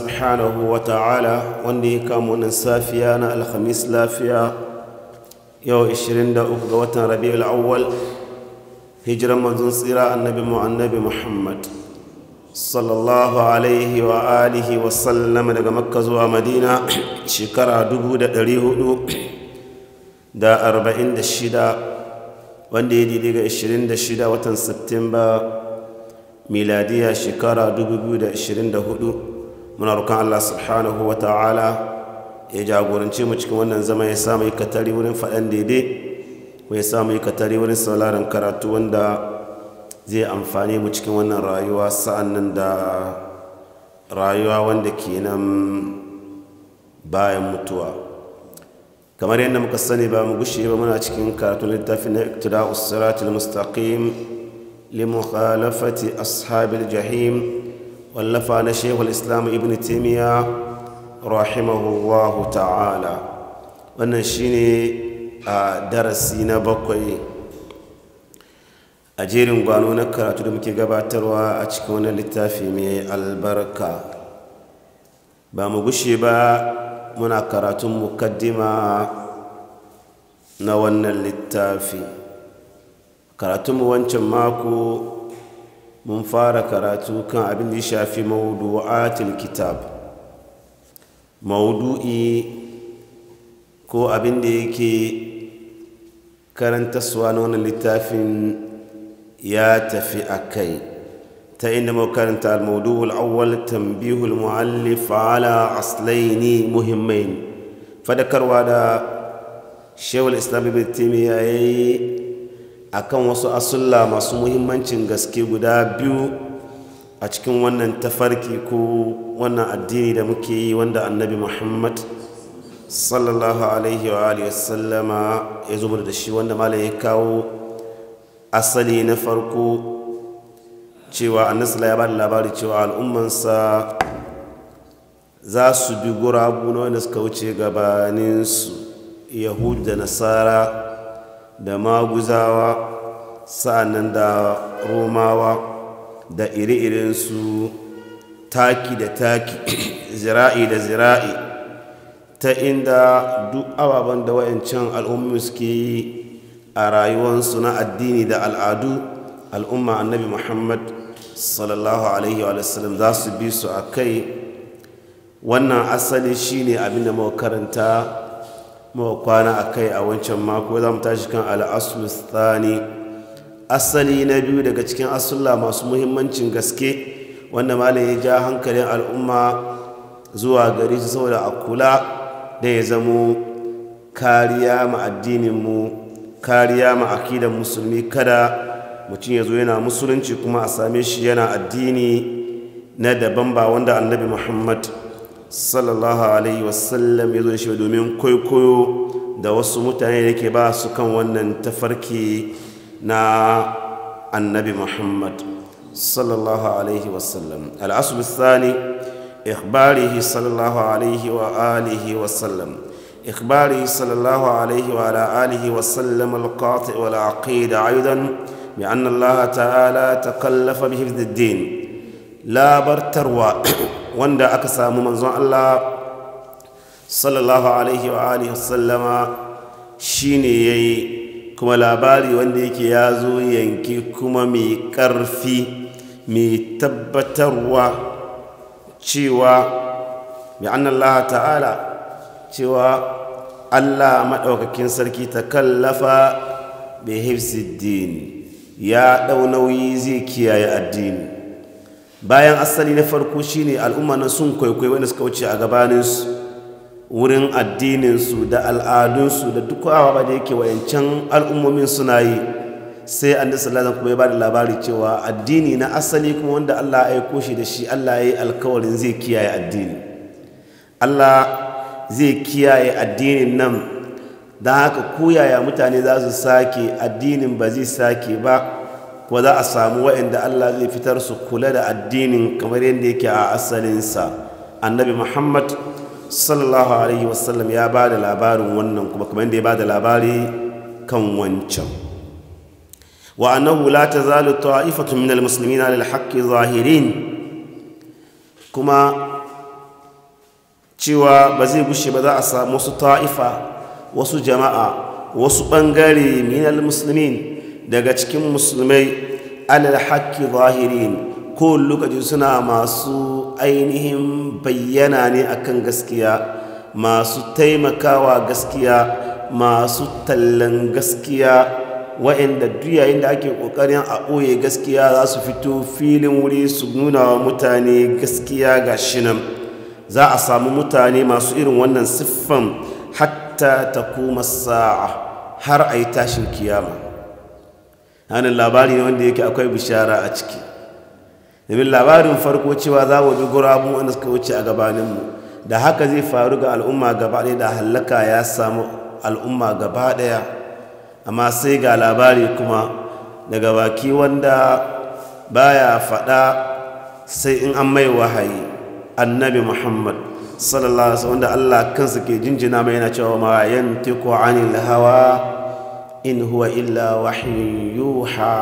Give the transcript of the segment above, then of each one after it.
subhanahu wa ta'ala wanda ya kamo nan safiya na alhamis lafiya yau 23 ga watan rabi'ul awwal hijiran manzon tsira annabi muhammad sallallahu alaihi wa alihi wa sallam daga makka zuwa madina shekara 446 wanda ya daidai ga 26 watan septemba miladiya shekara 2024 muna roƙon Allah subhanahu wa ta'ala ya jagorance mu cikin wannan zama ya samu yi katari wurin faɗan daidai ko ya samu yi katari wurin sauraron karatu wanda zai amfani mu cikin wannan rayuwa sa'an nan da rayuwa wanda ke nan bayan mutuwa kamar yadda muka sani ba mu gushe ba muna cikin karatun littafin na iktida'us siratul mustaqim li mukhalafati ashabil jahim wallafa na shehul islam ibn timiya rahimahullahu ta'ala wannan shi ne a darasi na bakwai a jerin gwano na karatu da muke gabatarwa a cikin wani littafi mai albarka ba mu gushe ba muna karatun mukaddima na wannan littafi karatunmu wancan mako mun fara karatu kan abin da ya shafi mawudu'atul kitab mawudu'i ko abin da yake karantaswa na wannan littafin ya tafi a kai ta inda makaranta al-mawdu'ul awwal tambihul mu'allif ala aslaini muhimmain fadakarwa da shewul islam ibn taymiyyah yayi akan wasu asulla masu muhimmancin gaske guda biyu a cikin wannan tafarki ko wannan addini da muke yi wanda annabi muhammad sallallahu alaihi wa ya zubar da shi wanda malam ya kawo asali na farko cewa annasala ya bada da labari cewa al'ummansa za su bi gurabu na wanda suka wuce gabaninsu yahudu da nasara da maguzawa sa'annan da romawa da iri-irinsu taki da taki zira'i da zira'i ta inda duk ababen da wayancan al'ummi suke yi a rayuwarsu na addini da al'adu al'umma annabi muhammad sallallahu alaihi wa sallam za su bi su a kai wannan asali shine abinda muka karanta mu kwana a kai a wancan mako za mu tashi kan al'asul tsani asali na biyu daga cikin asulla masu muhimmancin gaske wanda malam ya ja hankalin al'umma zuwa gari su saboda a kula da ya zamo kariya ma addininmu kariya ma akidan musulmi kada mutum ya zo yana musulunci kuma a same shi yana addini na daban ba wanda annabi muhammad sallallahu alaihi wasallam ya zo shi domin kwaikwayo da wasu mutane da ke ba su kan wannan tafarki na annabi muhammad sallallahu alaihi wasallam al'asubu sani ikhbarihi sallallahu alaihi wa alihi wasallam ikhbarihi sallallahu alaihi wa ala alihi wasallam al-qati wal aqida aidan bi anna allah ta'ala ta bi hifdhi da din labartarwa wanda aka samu manzon Allah sallallahu alaihi wa alihi sallama shine yayi kuma labari wanda yake ya zo yanki kuma mai ƙarfi mai tabbatarwa cewa bi Allah ta'ala cewa Allah madaukakin sarki ta kallafa bi din ya ɗau nauyi zai kiyaye addini bayan asali na farko shine al'umma na sun kwaikwayo wanda suka wuce a gabaninsu wurin addininsu da al'adunsu da duk awa ba da yake wayancan al'ummomin suna yi sai an lazan kuma ya ba da labari cewa addini na asali kuma wanda Allah ya aiko shi da shi Allah ya yi alkawarin zai kiyaye addini Allah zai kiyaye addinin nan don haka koyaya mutane za su sake addinin ba zai sake ba kuma za a samu waɗanda Allah zai fitar su kula da addinin kamar yadda yake a asalinsa annabi muhammad sallallahu alaihi wasallam ya ba da labarin wannan kuma kamar yadda ya ba da labari kan wancan wa annahu la tazalu ta'ifatu min almuslimina lil haqqi zahirin kuma cewa ba zai gushe ba za a samu wasu ta'ifa wasu jama'a wasu bangare min almuslimin daga cikin musulmai alal haqqi zahirin ko lokaci suna masu ainihin bayyana ne akan gaskiya masu taimakawa gaskiya masu tallan gaskiya wa'inda duk yayin da ake kokarin a ɓoye gaskiya za su fito filin wuri su nuna wa mutane gaskiya ga shinan za a samu mutane masu irin wannan siffan hatta ta kuma sa'a har a yi tashin kiyama hannun labari ne wanda yake akwai bishara a ciki domin labarin farko cewa za wa bi gurabun wanda suka wuce a gabaninmu da haka zai faru ga al'umma gaba ɗaya da hallaka ya samu al'umma gaba ɗaya amma sai ga labari kuma daga baki wanda baya faɗa sai in an mai wahayi annabi muhammad sallallahu alaihi wanda allah kansa ke jinjina mai yana cewa ma yantiku anil hawa in huwa illa wahyun yuha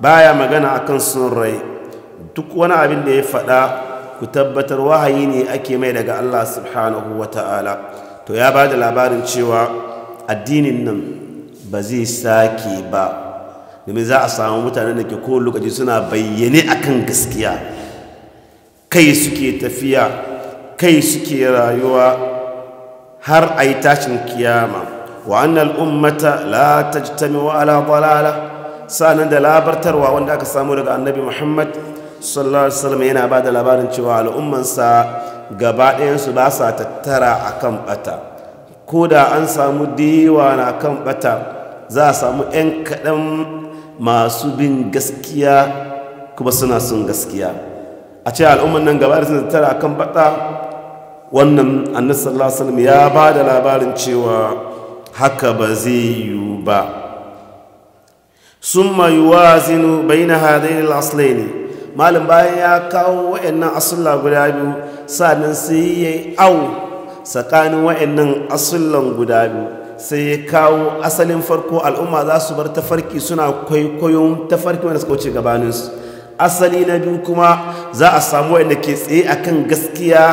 baya magana akan sun rai duk wani abin da ya faɗa ku tabbatar wahayi ne ake mai daga Allah subhanahu wata'ala to ya ba da labarin cewa addinin nan ba zai sake ba domin za a samu mutane da ke kowane lokaci suna bayyane akan gaskiya kai suke tafiya kai suke rayuwa har a yi tashin kiyama wa annal ummata la tajtami'u ala dalala sanan da labartarwa wanda aka samu daga annabi Muhammad sallallahu alaihi wasallam yana ba da labarin cewa al'ummansa gaba ɗayansu ba sa tattara akan bata ko da an samu diwa na kan bata za a samu 'yan kaɗan masu bin gaskiya kuma suna sun gaskiya a ce al'umman nan gaba da suna tattara kan bata wannan annabi sallallahu alaihi wasallam ya ba da labarin cewa haka ba zai yiwu ba sun mayu wa zinu bai na hadari lasle ne malin bayan ya kawo wa'annan asulla guda biyu sa'adun sai ya yi au tsakanin wa'annan asullan guda biyu sai ya kawo asalin farko al'umma za su bar tafarki suna kwaikwayon tafarki wanda suka wuce gabaninsu asali na biyu kuma za a samu wa'anda ke tsaye akan gaskiya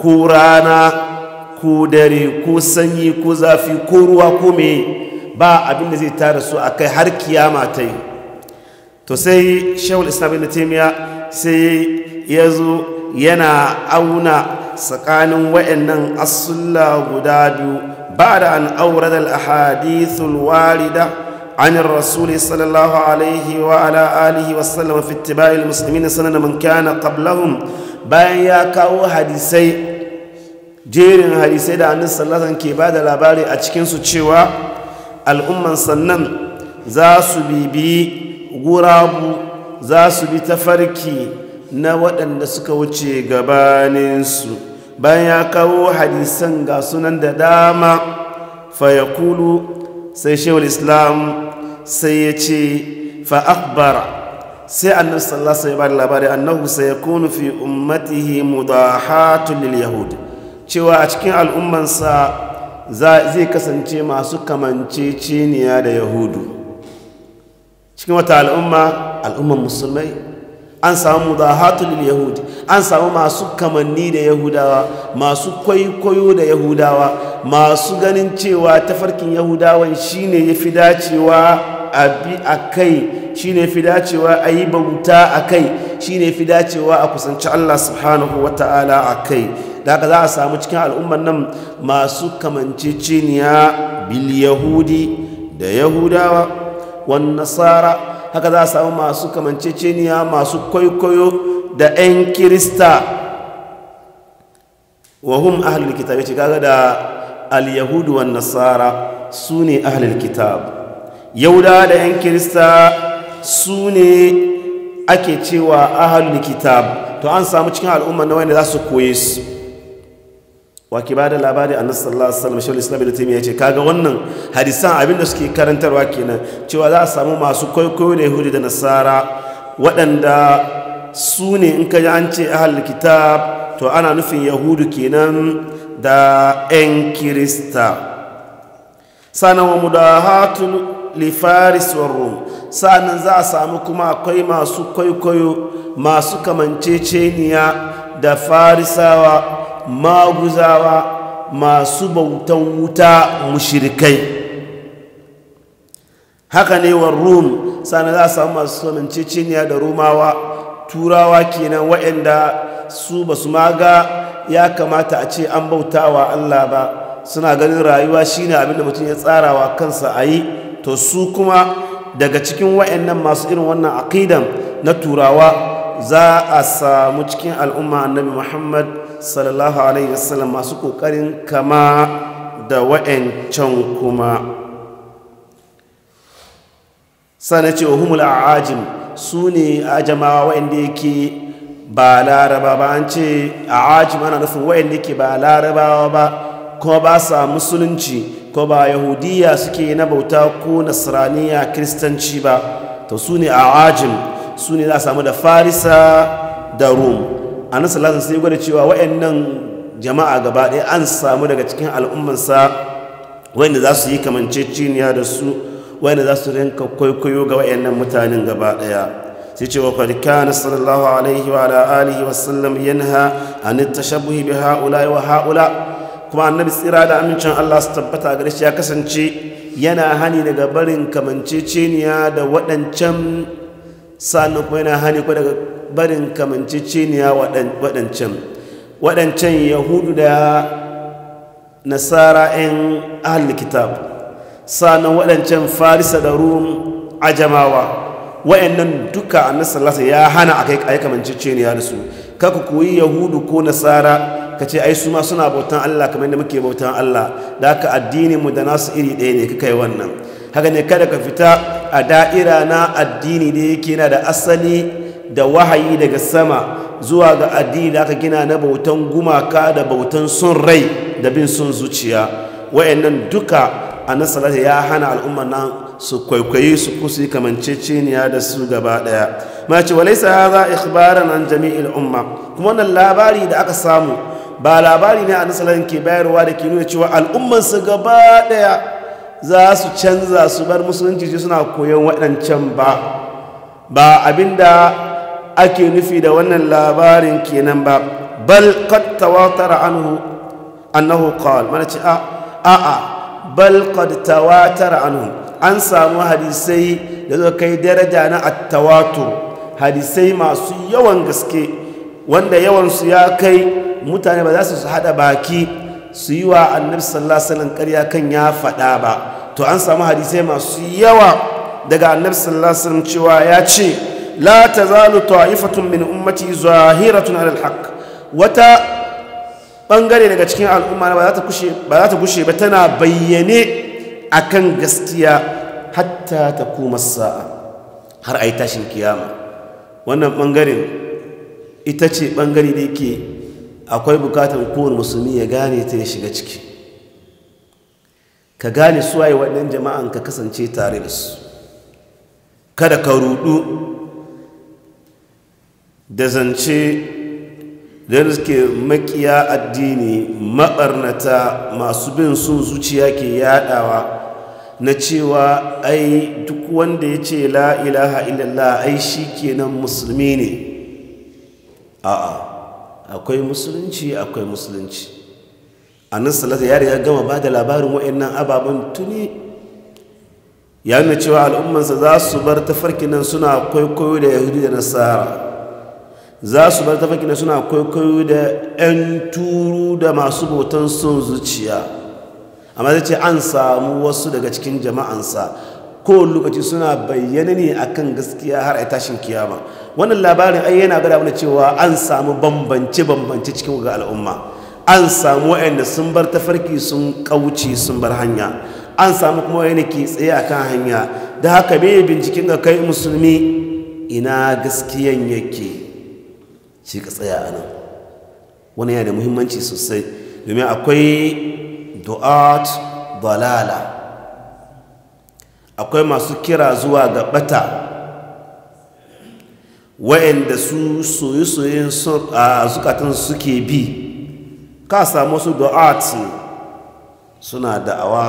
ko rana Ku dare ko sanyi ko zafi ko ruwa ko me ba abin da zai tara su a kai har kiyama ta yi to sai shawul islam ibn sai ya zo yana auna tsakanin wa'annan asulla guda biyu ba da an aure da al'ahadithul warida عن الرسول صلى الله عليه وعلى آله وسلم في اتباع المسلمين سنن من كان قبلهم بايا كاو حديثي jerin hadisai da annis sallallahu ke ba da labari a cikin su cewa al'umman sannan za su bibi gurabu za su bi tafarki na waɗanda suka wuce gabaninsu bayan ya kawo hadisan ga sunan da dama fayakulu sai shewar islam sai ya ce fa'akbara sai annis sallallahu ya ba da labari annahu sayakunu fi ummatihi mudahatun lil yahudi cewa a cikin al'ummansa zai kasance masu kamance ciniya da yahudu cikin wata al'umma al'umman musulmai an samu mudahatul yahudi an samu masu kamanni da yahudawa masu kwaikwayo da yahudawa masu ganin cewa tafarkin yahudawan shi ya yafi dacewa a bi a kai shi ne fi dacewa a yi bauta a kai shi ne fi dacewa a kusanci allah subhanahu wa ta'ala a kai da haka za a samu cikin al'umman nan masu ciniya bil yahudi da yahudawa wani nasara haka za a samu masu ciniya masu kwaikwayo da 'yan kirista wa hum ahlul kitab ce kaga da al yahudu wani nasara su ne ahalil kitab da 'yan kirista su ne ake cewa ahalil kitab to an samu cikin al'umman na wanda za su koye su wake ba da labari a sallallahu alaihi wasallam islam ibn taymiya yace kaga wannan hadisan abinda suke karantarwa kenan cewa za a samu masu kwaikwayo da Yahudu da nasara waɗanda su ne in ka ji an ce ahal kitab to ana nufin yahudu kenan da 'yan kirista sanan wa mudahatul li faris wa rum sanan za a samu kuma akwai masu kwaikwayo masu kamanceceniya da farisawa maguzawa masu bautan wuta mushirikai haka ne wa rum sana za a samu masu somanceceniya da rumawa turawa kenan waɗanda su ba su maga ya kamata a ce an bauta wa allah ba suna ganin rayuwa shine abinda mutum ya tsarawa kansa a yi to su kuma daga cikin waɗannan masu irin wannan aƙidan na turawa za a samu cikin al'umma annabi muhammad sallallahu alaihi wasallam masu kokarin kama da wa'ancan kuma sana ce wa humul ajim su ne jama'a wa'anda yake ba laraba ba an ce a ajim ana nufin wa'anda yake ba larabawa ba ko ba sa musulunci ko ba yahudiya suke na bauta ko nasraniya kiristanci ba to su ne a ajim su ne za a samu da farisa da rum a nasarar sai gwada cewa wayannan jama'a gaba ɗaya an samu daga cikin al'ummansa wanda za su yi kamanceceniya da su wanda za su rinka kwaikwayo ga wayannan mutanen gaba ɗaya sai cewa kwarika na sallallahu alaihi wa alihi wa sallam yanha an shabuhi bi haula wa haula kuma annabi tsira da amincin Allah su tabbata gare shi ya kasance yana hani daga barin kamanceceniya da waɗancan sannan kuma yana hani daga barin kamanciciniya waɗancan waɗancan yahudu da nasara 'yan ahal kitab sanan waɗancan farisa da rum ajamawa wa'annan duka a sallallahu ya hana a kai kamanciciniya da su kaka koyi yahudu ko nasara ka ce ai su ma suna bautan Allah kamar yadda muke bautan Allah da aka addinin mu da nasu iri ɗaya ne kai wannan haka ne kada ka fita a da'ira na addini da yake na da asali da wahayi daga sama zuwa ga addini da aka gina na bautan gumaka da bautan sun rai da bin sun zuciya wayannan duka nasarar da ya hana al'umma nan su kwaikwayi su kusi kamanceceniya da su gaba daya ma ce walaisa a ikhbaran an jami'il umma kuma wannan labari da aka samu ba labari ne a nasarar ke bayarwa da ke nuna cewa al'umman su gaba daya za su canza su bar musulunci suna koyon waɗancan ba ba abinda ake nufi da wannan labarin kenan ba bal qad tawatara anhu annahu qala mana ce ah, a a bal qad tawatara anhu an samu hadisai da zo kai daraja na at-tawatur hadisai masu yawan gaske wanda yawan su ya kai mutane ba za su hada baki su yi wa annabi sallallahu alaihi wasallam ƙarya kan ya faɗa ba to an samu hadisai masu yawa daga annabi sallallahu alaihi wasallam cewa ya ce la tazalu ta'ifatun min ummati zahiratun wata bangare daga cikin al'umma ba za ta kushe ba za ta kushe ba tana bayyane akan gaskiya hatta ta kuma sa'a har ai tashin kiyama wannan bangaren ita ce bangare da yake akwai bukatar kowane musulmi ya gane ta ya shiga ciki ka gane suwaye waɗannan jama'an ka kasance tare da su kada ka rudu da zance da suke makiya addini maɓarnata masu bin sun zuciya ke yaɗawa na cewa ai duk wanda ya ce la'ilaha illallah ai shi kenan musulmi ne a'a akwai musulunci akwai musulunci A nan salata ya gama ba da labarin wa'annan ababen tuni ya nuna cewa al'ummansa za su bar tafarki nan suna kwaikwayo da yahudu da nasara za su bar tafarki na suna kwaikwayo da 'yan turu da masu botan sun zuciya amma zai ce an samu wasu daga cikin jama'ansa kowane lokaci suna bayyana ne akan gaskiya har a tashin kiyama wannan labarin ai yana gada mana cewa an samu bambance-bambance cikin ga al'umma an samu wa'anda sun bar tafarki sun kauce sun bar hanya an samu kuma wa'anda ke tsaye akan hanya da haka me binciken ga kai musulmi ina gaskiyan yake shi ka tsaya a nan wani yana da muhimmanci sosai domin akwai du'at balala akwai masu kira zuwa ga bata wa'anda su soyi-soyin a zukatan suke bi ka samu su du'at suna da'awa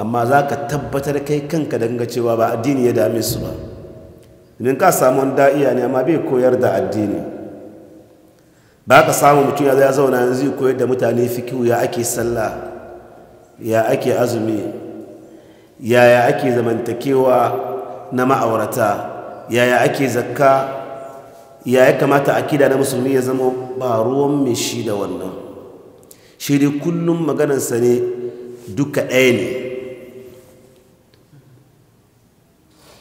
amma za ka tabbatar kai kanka danga cewa ba addini ya dame su ba domin ka samu da'iya ne amma bai koyar da addini ba ka samu mutum ya ya zauna yanzu ya koyar da mutane fikihu ya ake sallah ya ake azumi yaya ake zamantakewa na ma'aurata yaya ake zakka ya ya kamata akida na musulmi ya zama ba ruwan mai shi da wannan shi dai kullum maganarsa ne duka ɗaya ne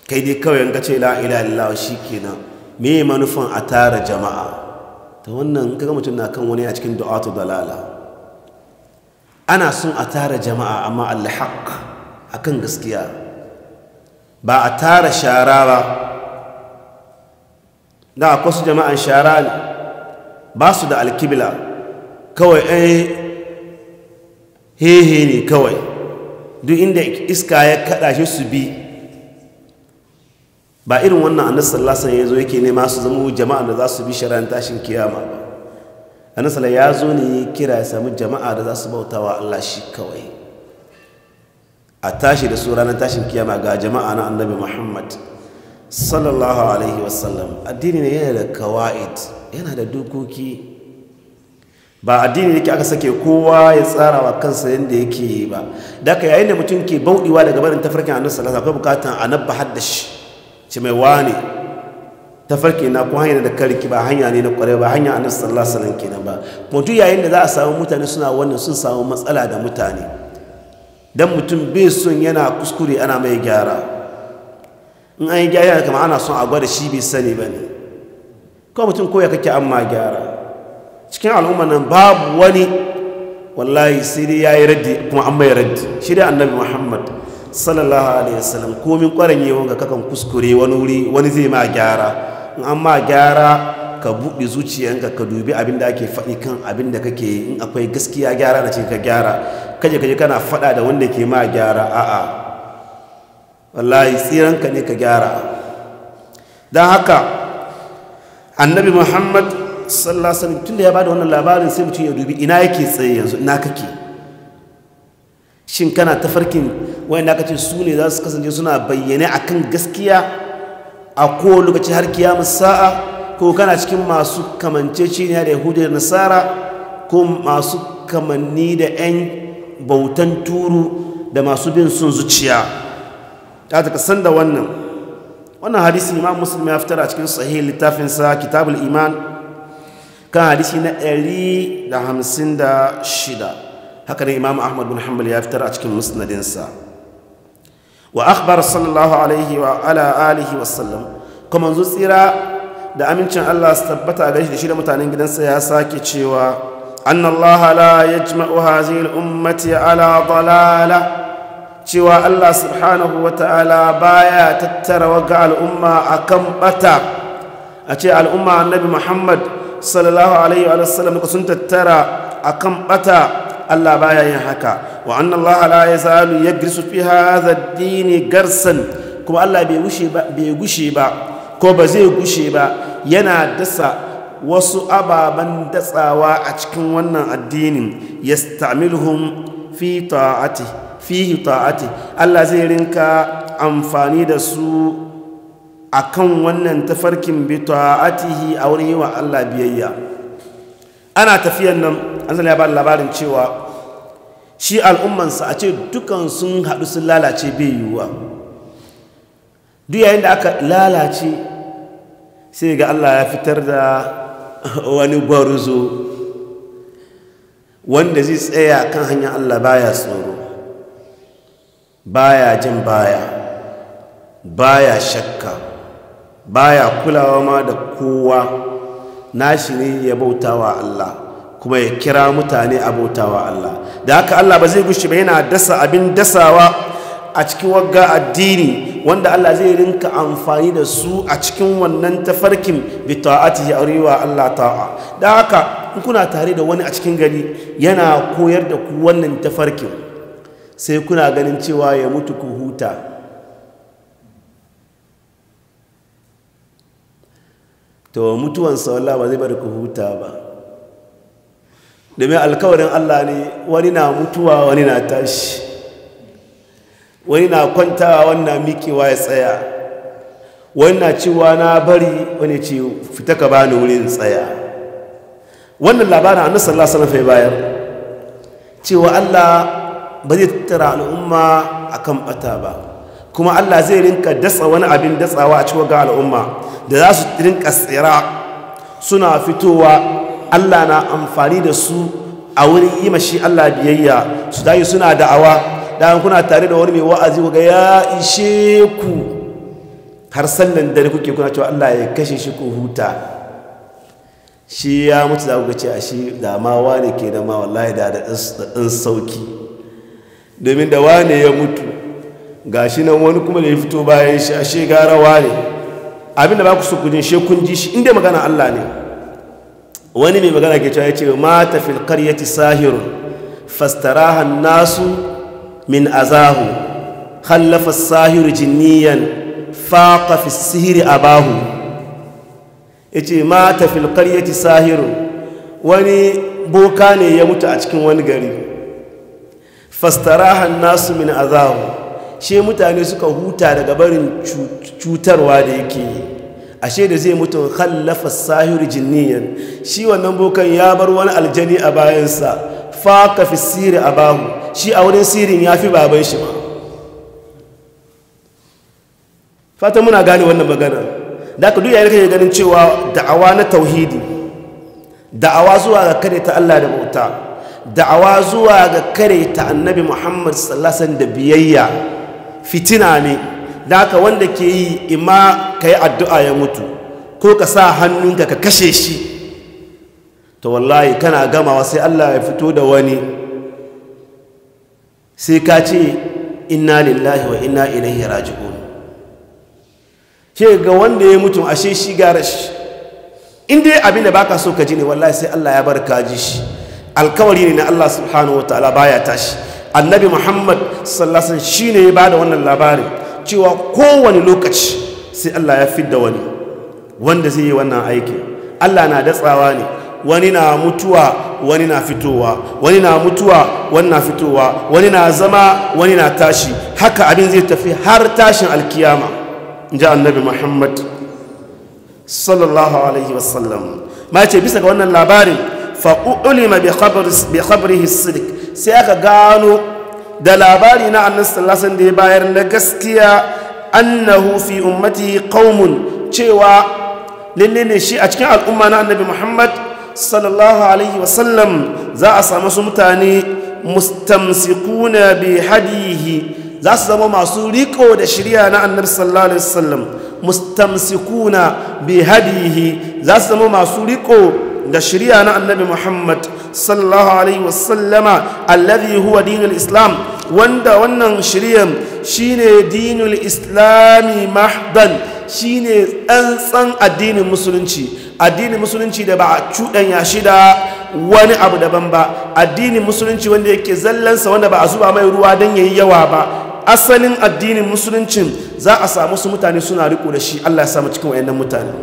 kai dai kawai yanka ce la'ila Allah shi kenan me manufan a tara jama'a ta wannan kaga mutum na kan wani a cikin du'atu dalala ana son a tara jama'a amma allah a akan gaskiya ba a tara shara ba da akwai su jama'an shara ne ba su da alkibla kawai ai eh, hehe ne kawai duk inda iska ya kada shi su bi ba irin wannan annabi sallallahu alaihi wasallam yake nema su zama jama'a da za su bi shari'ar tashin kiyama ba annabi sallallahu ya zo ne kira ya samu jama'a da za su bautawa Allah shi kawai a tashi da su ranar tashin kiyama ga jama'a na annabi Muhammad sallallahu alaihi wasallam addini ne yana da kawaid yana da dokoki ba addini ne ke aka sake kowa ya tsara wa kansa yadda yake yi ba da ka yayin da mutum ke bauɗiwa daga barin tafarkin annabi sallallahu alaihi wasallam akwai bukatan a nabba haddashi ce mai Ta tafarki na ko hanyar da karki ba hanya ne na kwarai ba hanya a sallallahu sanan ke kenan ba mutu yayin da za a samu mutane suna wannan sun samu matsala da mutane Don mutum bai sun yana kuskure ana mai gyara in an yi gyara kama ana son a gwada shi bai sani ba ne kawai mutum koya kake an ma gyara cikin al'umma nan babu wani wallahi sai dai ya yi raddi kuma an mai raddi shi dai annabi muhammad sallallahu alaihi wasallam komin kwaranyewa ga kakan kuskure wani wuri wani zai ma gyara in an ma gyara ka buɗe zuciyanka ka dubi abin da ake faɗi kan abin da kake in akwai gaskiya gyara na ce ka gyara kaje kaje kana faɗa da wanda ke ma gyara a'a wallahi tsiranka ne ka gyara don haka annabi muhammad sallallahu alaihi wasallam tunda ya bada wannan labarin sai mutum ya dubi ina yake tsaye yanzu ina kake shin kana tafarkin wayanda aka ce su ne za su kasance suna bayyane a kan gaskiya a ko lokaci har kiyamun sa'a ko kana cikin masu ne da yahudi da nasara ko masu kamanni da 'yan bautan turu da masu bin sun zuciya ta taka san da wannan wannan hadisin imam muslim ya fitar a cikin sahih sa kitabul iman kan hadisi na 156 haka ne imam ahmad bin hanbal ya fitar a cikin musnadinsa wa akhbar sallallahu alaihi wa ala alihi wa sallam kuma manzo tsira da amincin Allah su tabbata ga shi da shi da mutanen gidansa ya sake cewa annallaha Allah la yajma'u hadhihi al-ummati ala dalala cewa Allah subhanahu wa ta'ala baya tattara waga al'umma akan bata a ce al'umma annabi Muhammad sallallahu alaihi wa sallam sun tattara akan bata Allah baya yin haka wa anna Allah la yazalu yagrisu fi hadha ad garsan kuma Allah bai gushe ba ko ba zai gushe ba yana dasa wasu ababen datsawa a cikin wannan addinin yastamiluhum fi ta'ati fihi ta'ati Allah zai rinka amfani da su akan wannan tafarkin bi ta'atihi a wurin yi wa Allah biyayya ana tafiyan nan an ya ba labarin cewa shi al'ummansa a ce dukan sun haɗu sun lalace bai yiwuwa duk yayin da aka lalace sai ga Allah ya fitar da wani gwarzo wanda zai tsaya kan hanyar Allah baya tsoro baya jin baya baya shakka baya kulawa ma da kowa nashi ne ya wa Allah kuma ya kira mutane a wa Allah da haka Allah ba zai gushi ba yana dasa abin dasawa a cikin wagga addini wanda Allah zai rinka amfani da su a cikin wannan tafarkin bi ya wa Allah ta'a da haka in kuna tare da wani a cikin gari yana koyar da ku wannan tafarkin sai kuna ganin cewa ya mutu ku huta to mutuwansa wallah ba zai bari ku huta ba domin alkawarin Allah ne wani na mutuwa wani na tashi wani na kwantawa wani na miƙewa ya tsaya wani na cewa na bari wani ce fita ka bani wurin tsaya wannan labarin annabi sallallahu alaihi wasallam bayar cewa Allah ba zai tattara al'umma akan bata ba kuma Allah zai rinka datsa wani abin datsawa a cikin al'umma da za su rinka tsira suna fitowa Allah na amfani da su a wurin yi mashi Allah biyayya su dai suna da'awa dan kuna tare da wani mai wa'azi ku ga ya ishe ku har sannan dare kuke kuna cewa Allah ya kashe shi ku huta shi ya mutu za ku ga ce a shi da ma wane ke da ma wallahi da da sauki domin da wane ya mutu ga shi nan wani kuma da ya fito bayan shi a garawa ne abinda ba ku su kujin shekun ji shi inda magana Allah ne wani mai magana ke cewa ya ce mata fil karyati sahirun fastarahan nasu min azahu khallafa sahiru jinniyan faqa fi sihiri abahu ya ce mata karyati sahirun wani boka ne ya mutu a cikin wani gari fastarahan nasu min azahu she mutane suka huta daga barin cutarwa da yake yi ashe da zai mutu khallafa sahir jinniyan shi wannan bokan ya bar wani aljani a bayansa Fa ka fi siri a bahu shi a wurin sirin ya fi baban shi ma fata muna gane wannan magana da aka duk yayin kai ganin cewa da'awa na tauhidi da'awa zuwa ga kare ta Allah da bauta da'awa zuwa ga kare ta annabi Muhammad sallallahu alaihi wasallam da biyayya fitina ne da ka wanda ke yi ima ka yi addu'a ya mutu ko ka sa hannunka ka kashe shi to wallahi kana gamawa sai Allah ya fito da wani sai ka ce inna lillahi wa inna ilaihi raji'un ke ga wanda ya mutu ashe shi gara shi in dai abin da baka so ka ji ne wallahi sai Allah ya bar ka ji shi alkawari ne na Allah subhanahu wa ta'ala baya tashi annabi muhammad sallasan shi ne ya ba da wannan labarin cewa kowane lokaci sai allah ya fidda wani wanda zai yi wannan aiki allah na datsawa ne wani na mutuwa wani na fitowa wani na mutuwa wani na fitowa wani na zama wani na tashi haka abin zai tafi har tashin alkiyama ji annabi muhammad sallallahu alaihi wasallam ma ce bisa ga wannan labarin fa'ulima bi khabrihi sidik sai aka gano da labari na annabi sallallahu da ya bayar na gaskiya annahu fi ummati qaumun cewa lalle ne shi a cikin al'umma na annabi Muhammad sallallahu alaihi wasallam za a samu su mutane mustamsikuna bi hadihi za su zama masu riko da shirya na annabi sallallahu alaihi wasallam mustamsikuna bi hadihi za su zama masu riko da shirya na annabi muhammad sallallahu alaihi wasallama alladhi huwa dinul islam wanda wannan shiryan shine dinul islami mahdan shine tsantsan addinin musulunci addinin musulunci da ba a cuɗanya shi da wani abu daban ba addinin musulunci wanda yake zallansa wanda ba a zuba mai ruwa don yayi yawa ba asalin addinin musulunci za a samu su mutane suna riko da shi Allah ya samu cikin wayannan mutane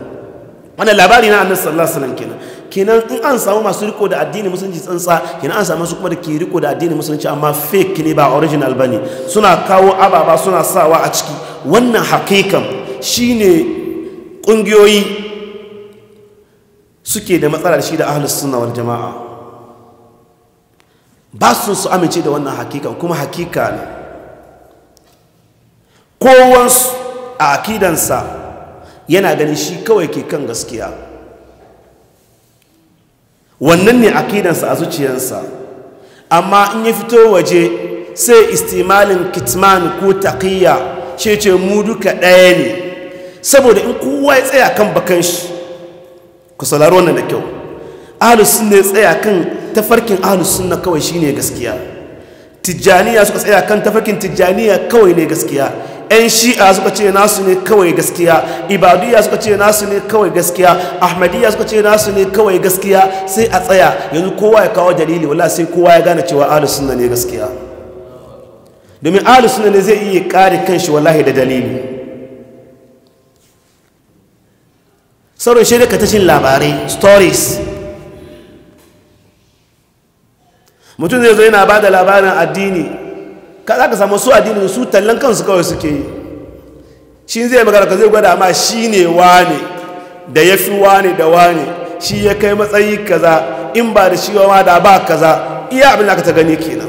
wannan labari na annabi sallallahu alaihi wasallam kenan kenan in an samu masu riko da addini musulunci tsantsa kenan an samu su kuma da ke riko da addini musulunci amma fake ne ba original ba ne suna kawo ababa suna sawa a ciki wannan hakikan shi ne ƙungiyoyi suke da matsalar shi da ahalus suna jama'a ba su su amince da wannan hakikan kuma hakika ne kowansu a akidansa yana ganin shi kawai ke kan gaskiya wannan ne akidansa a zuciyarsa amma in ya fito waje sai istimalin kitman ko taqiyya ce ce mu duka ɗaya ne saboda in kowa ya tsaya kan bakan shi ku sauraro wannan da kyau ahlus ne tsaya kan tafarkin ahlus na kawai ne gaskiya tijjaniya suka tsaya kan tafarkin tijjaniya kawai ne gaskiya 'yan shi'a suka ce nasu ne kawai gaskiya ibadiyya suka ce nasu ne kawai gaskiya ahmadiyya suka ce nasu ne kawai gaskiya sai a tsaya yanzu kowa ya kawo dalili wala sai kowa ya gane cewa ahlus sunna ne gaskiya domin ahlus sunna ne zai iya kare kanshi wallahi da dalili sauran shi da katashin labarai stories mutum zai zo yana ba da labarin addini za ka samu su addinin su tallan kansu kawai suke yi shi zai magana ka zai gwada ma shi ne wane da ya fi wane da wane shi ya kai matsayi kaza in ba da shi ma da ba kaza iya abin da aka ta gani kenan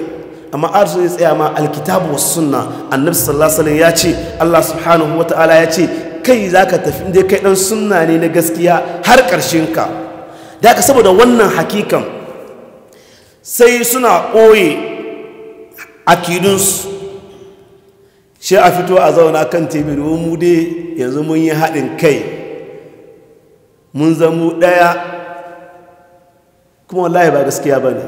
amma arzu ya tsaya ma alkitabu wasu sunna annabi sallallahu alaihi ya ce Allah subhanahu wataala ya ce kai za ka tafi dai kai dan sunna ne na gaskiya har karshen ka da ka saboda wannan hakikan sai suna ɓoye akidunsu shi a fito a zauna kan tebiri mu dai yanzu mun yi haɗin kai mun zamu ɗaya kuma wallahi ba gaskiya ba ne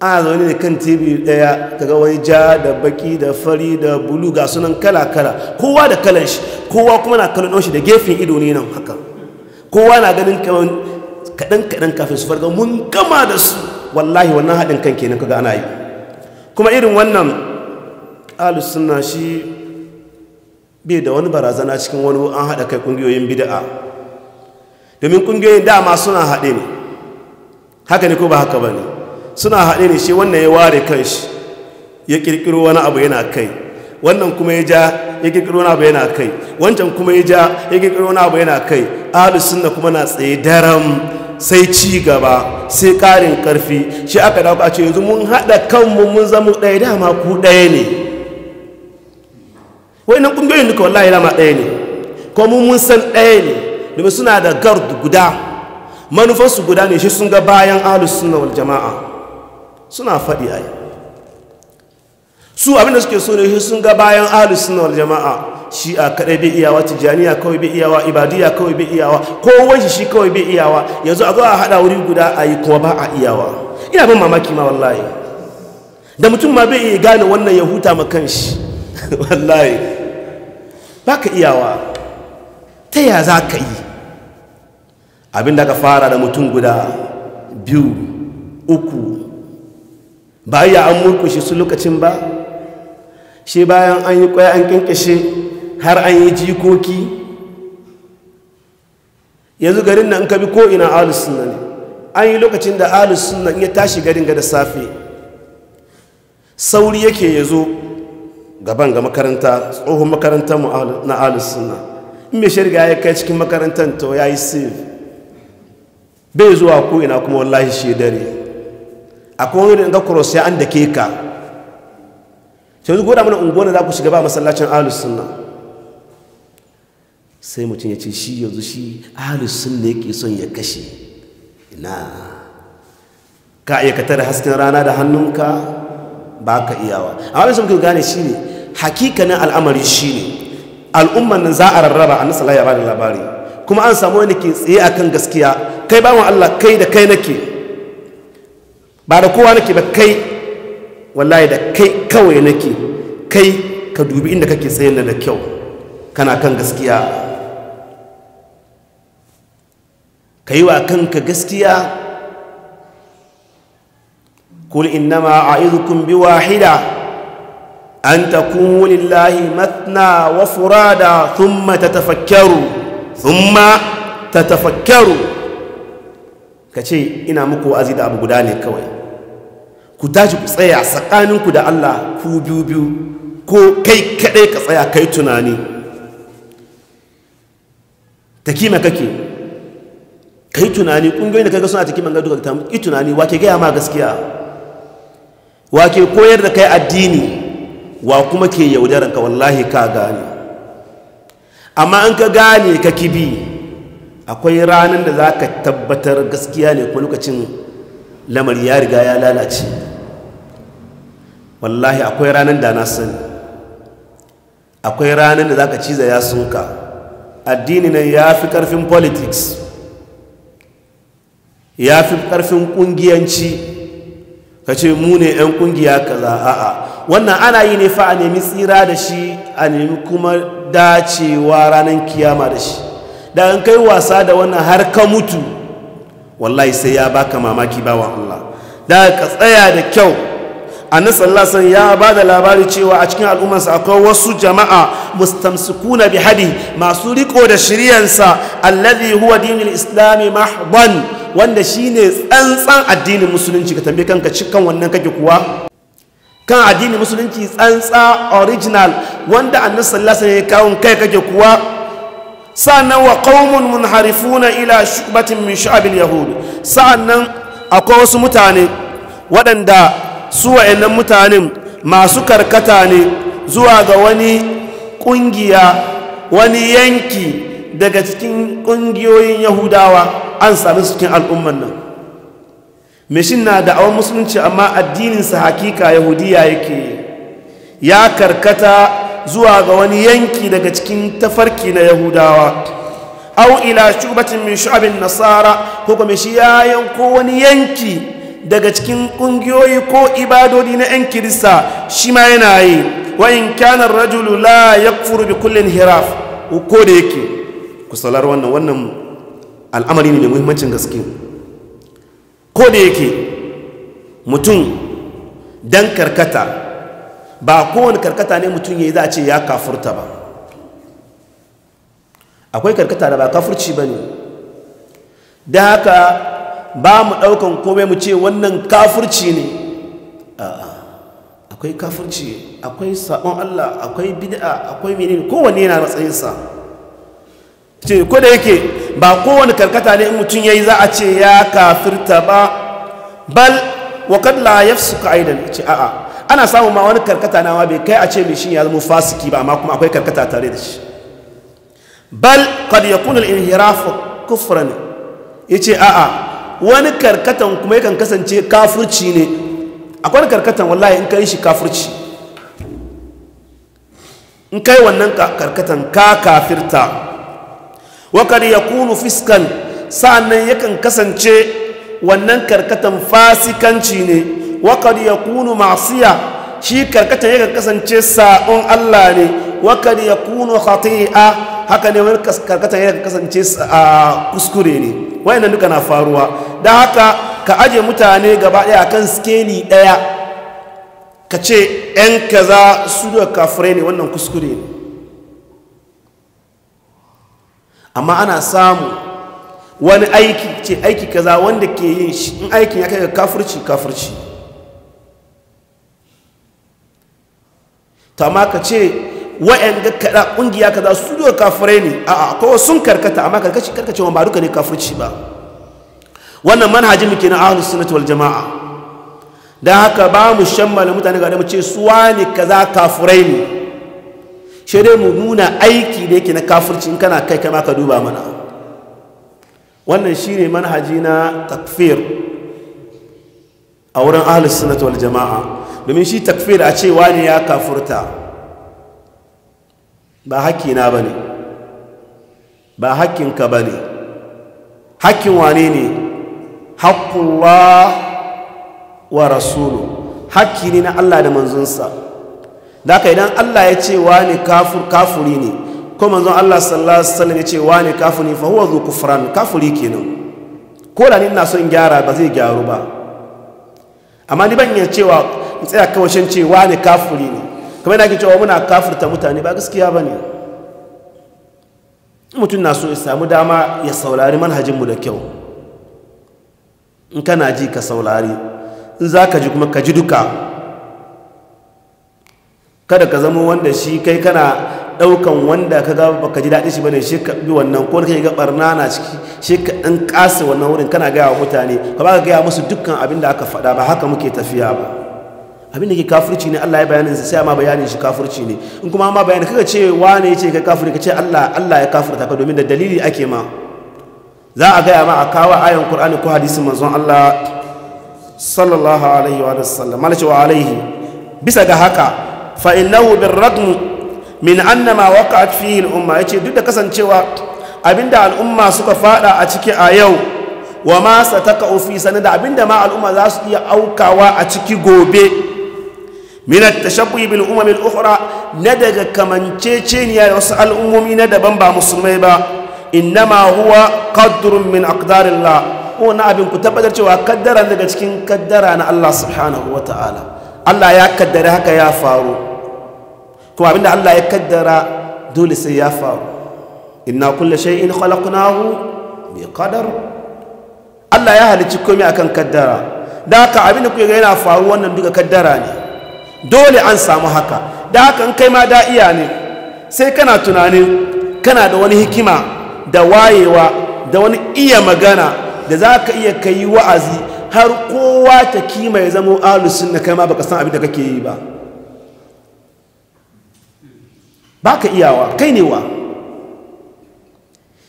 a zaune ne kan tebiri ɗaya kaga wani ja da baki da fari da bulu ga sunan kala-kala kowa da kalan shi kowa kuma na kalan shi da gefen ido ne nan haka kowa na ganin kaɗan-kaɗan kafin su farga mun gama da su wallahi wannan haɗin kan kenan kaga ana yi kuma irin wannan ahlus sunna shi bai da wani barazana cikin wani an haɗa kai ƙungiyoyin bida'a domin ƙungiyoyin dama suna haɗe ne haka ne ko ba haka ba ne suna haɗe ne shi wannan ya ware kan shi ya ƙirƙiro wani abu yana kai wannan kuma ya ja ya ƙirƙiro wani abu yana kai wancan kuma ya ja ya ƙirƙiro wani abu yana kai ahlus sunna kuma na tsaye daram sai ci gaba sai ƙarin ƙarfi shi aka dauka ce yanzu mun haɗa kanmu mun zama ɗaya dama ku ɗaya ne wai wayannan ƙungiyoyin duka wallahi dama ɗaya ne ko mun mun san ɗaya ne domin suna da gard guda manufarsu guda ne shi sun ga bayan ahlus sunna wal jama'a suna faɗi ai su abinda suke so ne shi sun ga bayan ahlus sunna wal jama'a shi'a kaɗai bai iyawa tijjaniya kawai bai iyawa ibadiyya kawai bai iyawa kowai shi shi kawai bai iyawa yanzu a zo a haɗa wuri guda a yi kuma ba a iyawa ina bin mamaki ma wallahi da mutum ma bai iya gane wannan ya huta ma kanshi wallahi ba ka iyawa ta ya za ka yi abin da ka fara da mutum guda biyu uku ba ya an murkushe su lokacin ba shi bayan an yi kwaya an kinkashe har an yi jikoki yanzu garin nan ka bi ko ina ahlus ne an yi lokacin da alisunan sunna ya tashi garin ga da safe sauri yake ya zo gaban ga makaranta tsohon makarantar mu na alisunan, sunna in mai shirga ya kai cikin makarantar to ya yi save bai zuwa ko ina kuma wallahi shi dare akwai wani da kuros ya an da ke ka sai zuwa mana unguwar da za ku shiga ba masallacin alisunan. sai mutum ya ce shi yanzu shi ahalus sunna yake son ya kashe ina ka iya da hasken rana da hannunka ba ka iyawa amma da sun gane shi ne hakikanin al'amari shi ne al'umman nan za a rarraba a nasala ya bada labari kuma an samu wani ke tsaye a kan gaskiya kai ba mu allah kai da kai nake ba da kowa nake ba kai wallahi da kai kawai nake kai ka dubi inda kake na da kyau kana kan gaskiya ka yi wa kanka gaskiya kul innama izukun bi wahida an takunu lahi matna wa furada thumma tatafakkaru thumma tafakkaru. ka ce ina muku wa'azi da abu guda ne kawai ku tashi ku tsaya tsakaninku da Allah ku biyu biyu ko kai kaɗai ka tsaya kai tunani Ta takima kake kai tunani kungiyoyin da kai suna cikin manga duka ta yi tunani wake gaya ma gaskiya wake koyar da kai addini wa kuma ke yaudaran ka wallahi ka gane amma an ka gane ka kibi akwai ranar da za ka tabbatar gaskiya ne kuma lokacin lamar ya riga ya lalace wallahi akwai ranar da na sani akwai ranar da za ka ciza ya ka addini nan ya fi karfin politics ya fi ƙarfin ƙungiyanci ka ce mu ne 'yan ƙungiya kaza a'a wannan ana yi ne fa a nemi tsira da shi a nemi kuma dacewa ranar kiyama da shi da an kai wasa da wannan har ka mutu wallahi sai ya baka mamaki wa Allah da ka tsaya da kyau annabi sallallahu ya ba da labari cewa a cikin al'ummarsa akwai wasu jama'a mustamsikuna bi hadi masu riko da shiriyansa allazi huwa dinul islami mahdan wanda shi ne tsantsan addinin musulunci ka tambi kanka cikin wannan kake kuwa kan addinin musulunci tsantsa original wanda annabi sallallahu alaihi kai kake kuwa sa'annan wa qaumun munharifuna ila shubatin min sha'abil yahud sa'annan akwai wasu mutane waɗanda su wa'annan mutane masu karkata ne zuwa ga wani ƙungiya wani yanki daga cikin ƙungiyoyin yahudawa an sami su cikin al'umman nan mishin na da da'awar musulunci amma addinin addininsa hakika yahudiya yake ya karkata zuwa ga wani yanki daga cikin tafarki na yahudawa au ila shubatin min shu'abin nasara ko kuma shi ya yanko wani yanki daga cikin kungiyoyi ko ibadodi na yan kirista shi ma yana yi wa in kana rajulu la yakfuru bi kullin hiraf ko da yake ku salar wannan wannan al'amari ne mai muhimmancin gaske ko da yake mutum dan karkata ba kowane karkata ne mutum ya yi za a ce ya kafurta ba akwai karkata da ba kafurci ba ne da haka ba mu ɗaukan komai mu ce wannan kafurci ne akwai kafurci akwai sabon Allah akwai bid'a akwai menene kowanne yana matsayinsa ce ko da yake ba kowane karkata ne in mutum yi za a ce ya kafirta ba bal wa ya fi suka aidan ce a'a ana samu ma wani karkata na wa bai kai a ce mai shi ya zama fasiki ba amma kuma akwai karkata tare da shi bal kad yakunu kufra ne ya ce a'a wani karkatan kuma yakan kasance kafurci ne akwai karkatan wallahi in kai shi kafurci in kai wannan karkatan ka kafirta wakar ya kunu fiskan sa'annan yakan kasance wannan karkatan fasikanci ne wakar ya kunu masiya shi karkatan yakan kasance sa'on Allah ne wakar ya kunu A, haka ne wani karkatan yakan kasance a kuskure ne wayannan duka na faruwa don haka ka aje mutane gaba ɗaya akan skeli ɗaya ka ce 'yan kaza su da kafirai ne wannan kuskure ne amma ana samu wani aiki ce aiki kaza wanda ke yin shi in aikin ya kai ga kafirci kafirci ta ma ka ce wa'yan ga kaɗa ƙungiya kaza su duka kafirai ne a akwai sun karkata amma karkaci karkace ba duka ne kafirci ba wannan manhajin muke na ahlus sunnati wal jama'a dan haka ba mu shammala mutane ga da mu ce su wani kaza kafirai ne ce dai mu nuna aiki da yake na kafirci in kana kai kama ka duba mana wannan shi ne manhaji na takfir a wurin ahlus sunnati wal jama'a domin shi takfir a cewa ne ya kafurta ba hakki na ne. ba hakkin ba ne. hakkin wane ne haqqullah wa rasulu hakki ne na Allah da manzunsa. da haka idan Allah ya ce wani kafur kafuri ne ko manzon Allah sallallahu alaihi wasallam ya ce wani kafuri fa huwa zukufran kafuri kenan ko da ni ina son gyara ba zai gyaru ba amma ni ban yi cewa in tsaya kawai shin ce wani kafuri ne kamar yana ke cewa muna kafurta mutane ba gaskiya ba ne mutum na so ya samu dama ya saurari manhajin mu da kyau in kana ji ka saurari in za ka ji kuma ka ji duka kada ka zama wanda shi kai kana daukan wanda ka ga baka ji daɗi shi bane shi ka bi wannan ko kai ga barna na ciki shi ka in kasa wannan wurin kana gaya wa mutane ka baka ga musu dukkan abin da aka faɗa ba haka muke tafiya ba abin da ke kafirci ne Allah ya bayanin sa sai ma bayanin shi kafirci ne in kuma ma bayani kaga ce wane yace kai kafiri kace Allah Allah ya kafirta ka domin da dalili ake ma za a gaya ma a kawo ayan Qur'ani ko hadisin manzon Allah sallallahu alaihi wa sallam malaka wa alaihi bisa ga haka fa innahu birradm min anna ma waqa'at fihi al-umma yace duk da kasancewa abinda al'umma suka fada a ciki a yau wa ma sataqa'u fi sanada abinda ma al'umma za su iya aukawa a ciki gobe min at-tashabbuh bil umam al-ukhra na daga kamanceceniya da wasu al'ummomi na daban ba musulmai ba innama huwa qadrun min aqdarillah na abin ku tabbatar cewa kaddara daga cikin kaddara na Allah subhanahu wa ta'ala Allah ya kaddari haka ya faru ko abinda Allah ya kaddara dole sai ya faru inna kulli shay'in khalaqnahu bi qadar Allah ya halicci komai akan kaddara da haka abinda kuke ga yana faru wannan duka kaddara ne dole an samu haka da haka in kai ma da iya ne sai kana tunanin kana da wani hikima da wayewa da wani iya magana da za ka iya kai wa'azi har kowa ta kima ya zama alusun na kai ma baka san abin da kake yi ba ba ka iyawa kai ne wa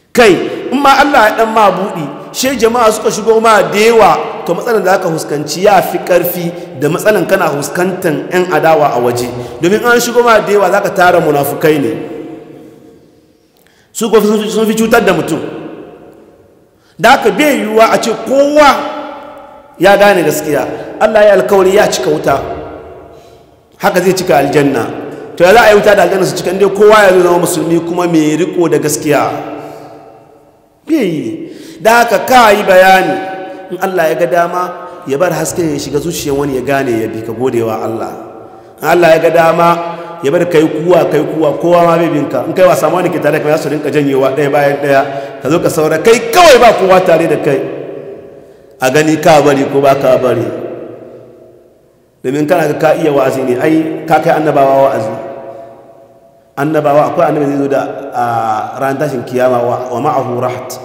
kai in ma allah ya dan ma buɗi she jama'a suka shigo ma da yawa to matsalan da aka huskanci ya fi ƙarfi da matsalan kana huskantar 'yan adawa a waje domin an shigo ma da yawa za ka tara munafukai ne su sun fi cutar da mutum da aka bai yiwuwa a ce kowa ya gane gaskiya allah ya alkawari ya cika wuta haka zai cika aljanna to ya za a yi wuta da aljanna su cikin dai kowa ya zama musulmi kuma mai riko da gaskiya biyayi da haka ka yi bayani in Allah ya ga dama ya bar hasken ya shiga zuciyar wani ya gane ya bi ka godewa Allah in Allah ya ga dama ya bar kai kuwa kai kuwa kowa ma bai binka in kai wasa ma wani ke tare ka su rinka janyewa ɗaya bayan ɗaya ka zo ka saura kai kawai ba kowa tare da kai a gani ka bari ko ba ka bari domin kana ka iya wa'azi ne ai ka kai annabawa wa'azi annabawa akwai annabi zai zo da ran tashin kiyama wa ma'ahu rahat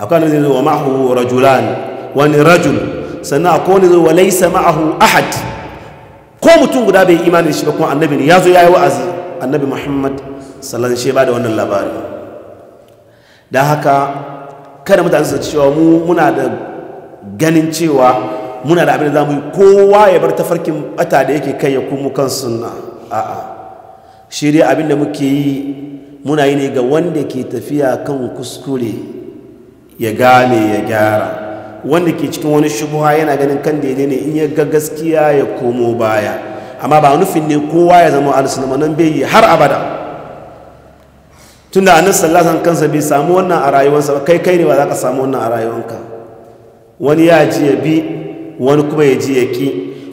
akwai annabi zai zo wa ma'ahu rajulan wani rajul sannan akwai wani zo wa laisa ma'ahu ahad ko mutum guda bai imanin shi ba kuma annabi ne ya zo ya yi wa'azi annabi muhammad sallan shi ba da wannan labari Da haka kada mutane su cewa mu muna da ganin cewa muna da abin da za mu yi kowa ya bar tafarkin bata da yake kai ya kuma kan sunna a'a Shirya dai abinda muke yi muna yi ne ga wanda ke tafiya kan kuskure ya gane ya gyara wanda ke cikin wani shubuha yana ganin kan daidai ne in ya ga gaskiya ya komo baya amma ba nufin ne kowa ya zama alisulma nan bai yi har abada tunda annabi sallallahu kansa bai samu wannan a rayuwarsa kai kai ne ba za ka samu wannan a rayuwarka wani ya ji ya bi wani kuma ya ji ya ki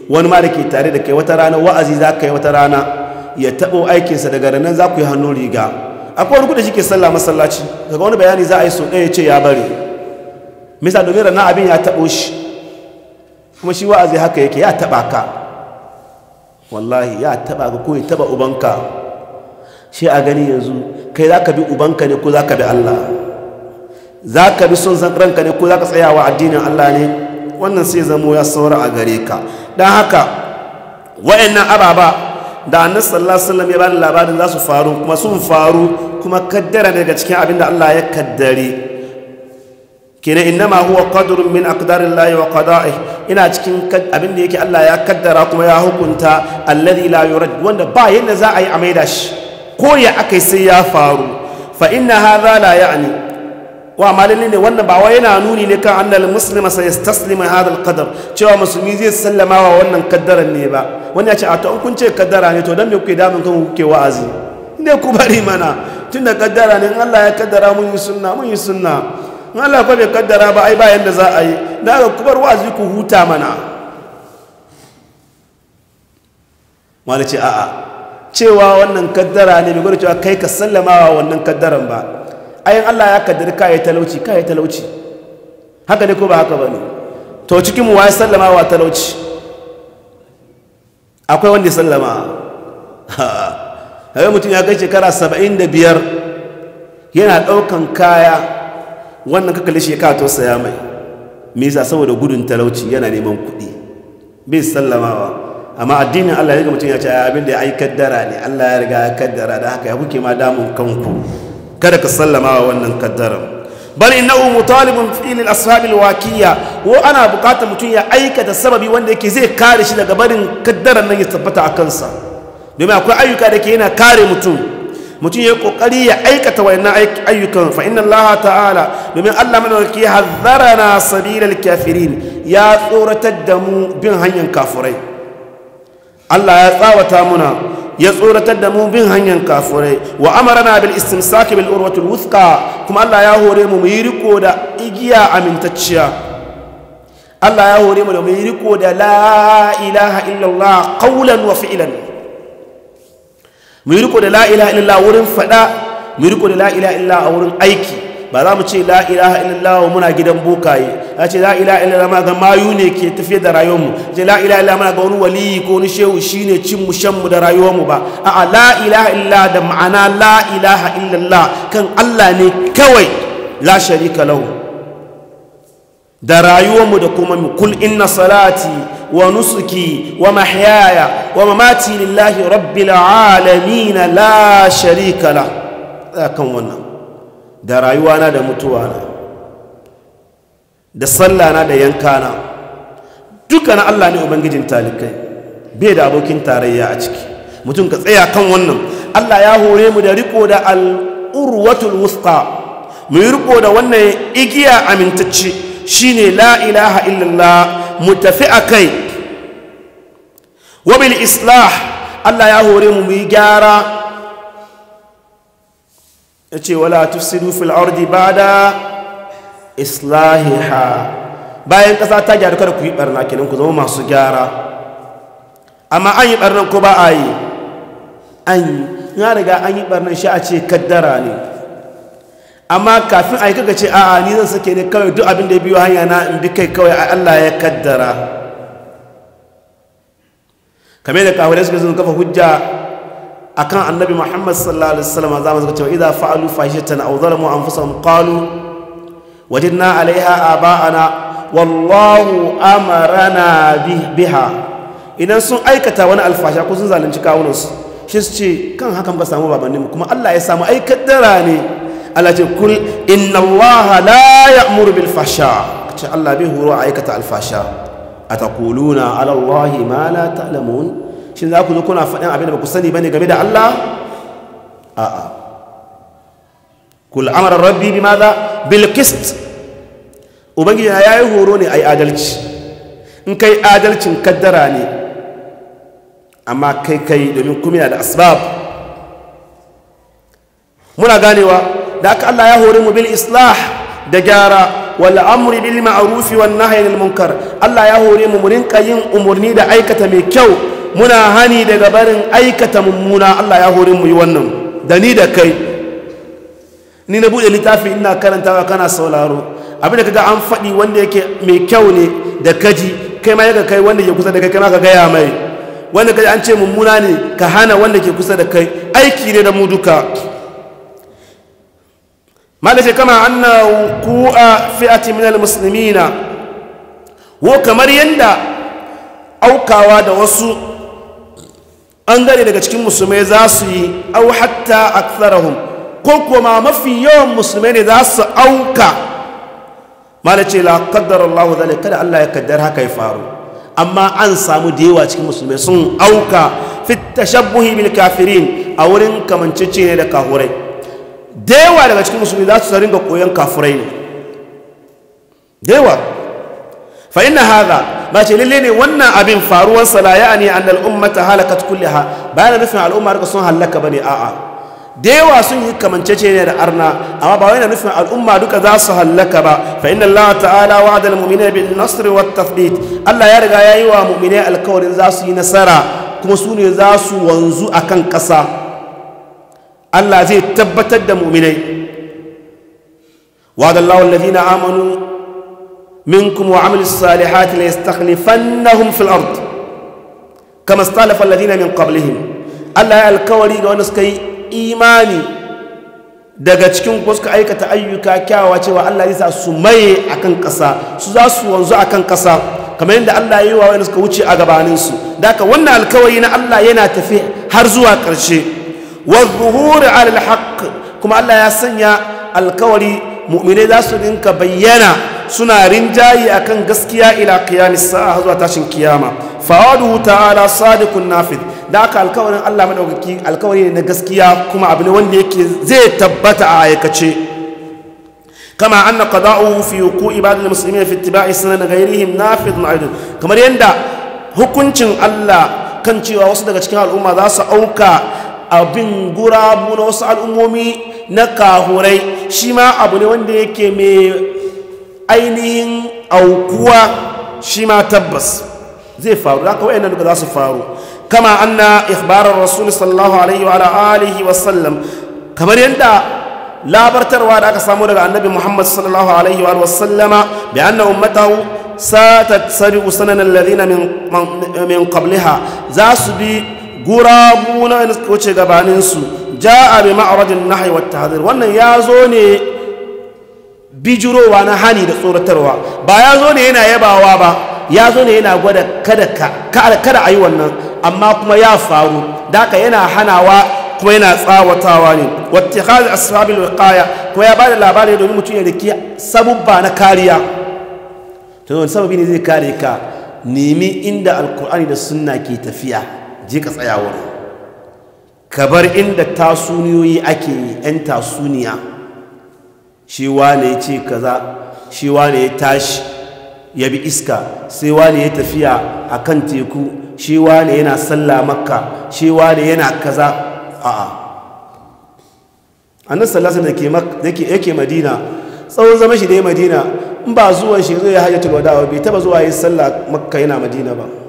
wani ma da ke tare da kai wata rana wa'azi za ka yi wata rana ya taɓo aikinsa daga nan za ku yi hannun riga akwai wani kuɗi shi ke sallah masallaci daga wani bayani za a yi so ɗaya ce ya bari misa domin rana abin ya taɓo shi kuma shi wa'azi haka yake ya taɓa ka wallahi ya taɓa ka ko ya taɓa ubanka shi a gani yanzu kai za ka bi ubanka ne ko za ka bi allah za ka bi son zan ranka ne ko za ka tsaya wa addinin allah ne wannan sai zamo ya saura a gare ka don haka wa'annan ababa da annabi sallallahu alaihi wasallam ya bani labarin za su faru kuma sun faru kuma kaddara ne daga cikin abin da Allah ya kaddare kina ma huwa qadrun min aqdarillahi wa qada'i ina cikin abinda yake Allah ya kaddara kuma ya hukunta alladhi la yurad wanda ba yanda za a yi a maida shi ko ya akai sai ya faru fa inna hadha la ya'ni wa malin ne wannan ba wai yana nuni ne kan annal muslima sai yastaslima hada alqadar cewa musulmi zai sallama wa wannan kaddaran ne ba wani ya ce a to an kun ce kaddara ne to dan me kuke damun kan kuke wa'azi ne ku bari mana tunda kaddara ne in Allah ya kaddara mun yi sunna mun yi sunna in Allah fa bai kaddara ba ai ba yanda za a yi da ga ku bar wa'azi ku huta mana malace ce a'a cewa wannan kaddara ne bai gwada cewa kai ka sallama wa wannan kaddaran ba ayin Allah ya ka yi talauci ka yi talauci haka ne ko ba haka bane to cikin mu wai sallama wa talauci akwai wanda sallama hawa mutum ya kai shekara 75 yana daukan kaya wannan ka kalle shekara to saya mai me yasa saboda gudun talauci yana neman kuɗi sallama sallamawa amma addinin Allah ya ga mutum ya ce abin da ya aikar ne Allah ya riga ya kaddara da haka ya kuke ma damun kanku kada ka sallama wa wannan kaddara bal innahu mutalibun fi lil ashabil waqiya wa ana buƙatar mutum ya aikata sababi wanda yake zai kare shi daga barin kaddaran nan ya tabbata a kansa domin akwai ayyuka da ke yana kare mutum mutum ya kokari ya aikata wayannan ayyukan fa inna Allah ta'ala domin Allah madaukaki ya hazzarana sabilal kafirin ya tsoratar da mu bin hanyar kafurai Allah ya tsawata muna ya tsoratar da mu bin hanyar kafurai wa amarana bil istimsaki bil urwatul wuthqa kuma Allah ya hore mu mu yi riko da igiya amintacciya Allah ya hore mu da mu yi riko da la ilaha illallah qawlan wa fi'lan mu yi riko da la ilaha illallah wurin fada mu yi riko da la ilaha illallah a wurin aiki ba za mu ce la ilaha illallah muna gidan bukaye. a ce la ilaha illallah ma ga mayu ne ke tafiye da rayuwarmu ce la ilaha illallah ma ga wani waliyi ko wani shehu ne cin mu shan mu da rayuwarmu ba a'a la ilaha illallah da ma'ana la ilaha illallah kan Allah ne kawai la sharika lahu da rayuwarmu da kuma mu kul inna salati wa nusuki wa mahyaya wa mamati lillahi rabbil alamin la sharika lahu kan wannan da rayuwana da mutuwana da sallana da yankana duka na Allah ne ubangijin talikai bai da abokin tarayya a ciki mutum ka tsaya kan wannan Allah ya hore mu da riko da al'urwatul wusta mu yi riko da wannan igiya amintacce shine la ilaha illallah mu tafi a kai. bil islah Allah ya hore mu mu yi gyara ya ce wala tufsidu fil ardi islahi ha bayan kasa ta gyaru kada ku yi barna kenan ku zama masu gyara amma an yi barnan ko ba a yi an yi ya daga an yi barnan shi a ce kaddara ne amma kafin a yi kaga ce a'a ni zan sake ne kawai duk abin da ya hanya na in bi kai kawai a Allah ya kaddara kamar da da suka zan kafa hujja akan annabi muhammad sallallahu alaihi wasallam za mu zaka cewa idza fa'alu fahishatan aw zalamu anfusahum qalu wajadna 'alaiha aba'ana wallahu amarana biha idan sun aikata wani alfasha ko sun zalunci kawunansu shi su ce kan haka muka samu babanninmu kuma Allah ya samu aikadara ne Allah ce kul inna Allah la ya'muru bil fasha ce Allah bai horo aikata alfasha ataquluna ala Allah ma la ta'lamun shin za ku zo kuna faɗin abin da ba ku sani ba ne game da Allah a'a kula amurar rabbi bi maza bil Ubangiji na ya yi horo ne yi adalci in kai adalcin kaddara ne amma kai kai domin kuma da asbab muna ganewa da aka Allah ya hori mu bil islah da gyara wal'amuri bil ma'arufi wannan hanyar munkar Allah ya hori mu murinka yin umarni da aikata mai kyau muna hani daga barin aikata mummuna Allah ya hori mu yi wannan da ni da kai ni na buɗe littafi ina karantawa kana sauraro abin da ga an faɗi wanda yake mai kyau ne da kaji kai ma yaga kai wanda ke kusa da kai kai ma ka gaya mai wanda kaji an ce mummuna ne ka hana wanda ke kusa da kai aiki ne da mu duka ce kama anna ku'a fi'ati min musulmi muslimina wo kamar yanda aukawa da wasu ɓangare daga cikin musulmai za su yi au hatta aktsarahum ko kuma mafi yawan musulmai ne za su auka malace la qaddara Allah kada Allah ya kaddar haka ya faru amma an samu da yawa cikin musulmai sun auka fi tashabbuhi bil kafirin a wurin kamancece ne da kafurai da yawa daga cikin musulmai za su ringa koyon kafurai ne da yawa fa inna ba ce lalle ne wannan abin faruwar sala ya'ani ne an al'ummata halakat kulliha ba yana nufin al'umma duka sun halaka bane a'a da yawa sun yi kamancece ne da arna amma ba wai na nufin al'umma duka za su halaka ba fa inna Allah ta'ala wa'ada al-mu'minina bin nasr wa tafdid Allah ya riga yayi wa mu'minai alkawarin za su yi nasara kuma su ne za su wanzu akan kasa Allah zai tabbatar da mu'minai wa'ada Allah alladhina amanu منكم وعمل الصالحات ليستخلفنهم في الأرض كما استخلف الذين من قبلهم Allah ya alkawari ga wanda suka yi imani daga cikin ko suka aikata ayyuka kyawawa cewa Allah ya sa su maye akan ƙasa su za su wanzu akan ƙasa kamar yadda Allah ya yi wa wani suka wuce a gabaninsu da haka wannan alkawari na Allah yana tafi har zuwa ƙarshe wa zuhuri alal haqq kuma Allah ya sanya alkawari mu'minai za su dinka bayyana suna rinjayi akan gaskiya ila qiyamis sa'a zuwa tashin kiyama fawadu ta'ala sadiqun nafid da aka alkawarin Allah madaukaki alkawari ne na gaskiya kuma abu ne wanda yake zai tabbata a aikace kama anna qada'uhu fi yuqu ibadul muslimin fi ittiba'i sunan ghayrihim nafidun aidun kamar yanda hukuncin Allah kan cewa wasu daga cikin al'umma za su auka abin gurabu na wasu al'ummomi na kahurai shi ma abu ne wanda yake mai ainihin aukuwa shi ma tabbas zai faru za ka yana za su faru kama an na ikhbarar rasul sallallahu alaihi wa sallam kamar yadda labartarwa da aka samu daga annabi muhammad sallallahu alaihi wa sallama an na ummatahu satatsari sanan alladhina min min qabliha za su bi gurabu na wuce gabaninsu ja'a bi ma'radin nahyi wat tahdhir wannan ya zo ne bijirowa na hani da tsoratarwa ba ya zo ne yana yabawa ba ya zo ne yana gwada kada kada ayi wannan amma kuma ya faru daka yana hanawa kuma yana tsawatawa ne wattikhaz asbabil wiqaya ko ya bada labari domin mutum ya rike sabubba na kariya to sababi ne zai kare ka nemi inda alkur'ani da sunna ke tafiya je ka tsaya wurin kabar inda tasuniyoyi ake yi 'yan tasuniya shi wane ya ce kaza shi wane ya tashi ya bi iska sai wane ya tafiya a kan teku shi wane yana sallah makka shi wane yana kaza a'a annan sallasa da yake madina tsawon zama shi da ya madina in ba zuwan shi zai hajjata wadawa bai taba zuwa yi sallah makka yana madina ba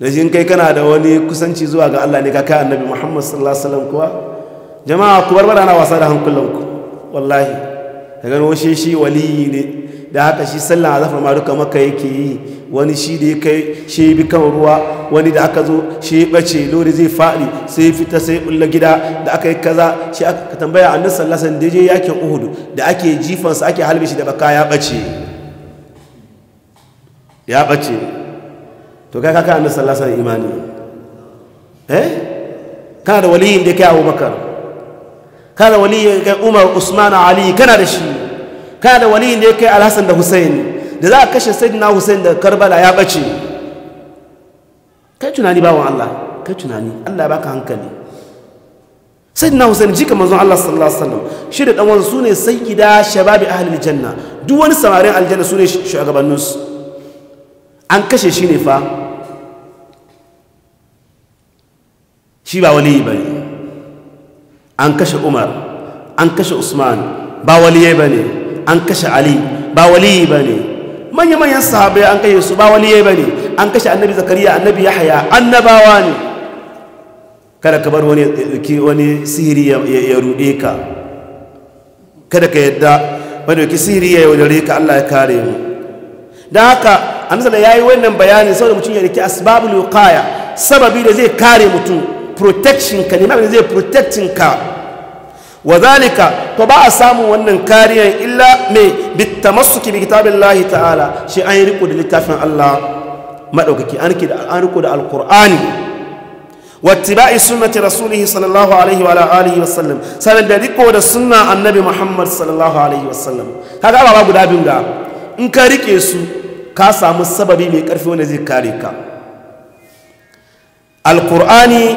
da shi kai kana da wani kusanci zuwa ga Allah ne ka kai annabi Muhammad sallallahu alaihi wasallam kuwa jama'a ku barbara na wasa da hankulanku wallahi da gano shi waliyi ne da haka shi sallah azafar ma duka maka yake yi wani shi da ya shi bi kan ruwa wani da aka zo shi ya bace lori zai faɗi sai fita sai bulla gida da aka yi kaza shi aka tambaya annabi sallallahu alaihi wasallam da yakin uhudu da ake jifansa ake halbe shi da baka ya bace ya bace to kai kaka annabi sallallahu alaihi imani eh kana da waliyin da kai abubakar kana da waliyin kai umar usman ali kana da shi kana da waliyin da kai alhassan da hussein da za a kashe sayyidina hussein da karbala ya bace kai tunani bawo allah kai tunani allah ya baka hankali sayyidina Hussein jika manzon allah sallallahu alaihi wasallam shi da dan wasu ne sayyida shababi ahli janna duk wani samarin aljanna su ne su. an kashe shi ne fa shi ba waliyi ba ne an kashe umar an kashe usman ba wali ba ne an kashe ali ba wali ba ne manya-manyan sahabai an kashe su ba wali ba ne an kashe annabi zakariya annabi yahaya annabawa ne kada ka bar wani sihiri ya ruɗe ka kada ka yadda wani sihiri ya yaudare ka allah ya kare mu don haka annabi yayi wannan bayani saboda mutum ya riki asbabul wiqaya sababi da zai kare mutum protection ka limam zai protection ka wa zalika to ba a samu wannan kariya illa mai me bitamassuki bikitabillahi ta'ala shi an riko da littafin Allah madaukaki an riko da an riko da alqur'ani wattiba'i sunnati rasulih sallallahu alaihi wa alihi wa sallam sannan da riko da sunna annabi muhammad sallallahu alaihi wa sallam kaga ba guda binga in ka rike su ka samu sababi mai ƙarfi wanda zai kare ka alkur'ani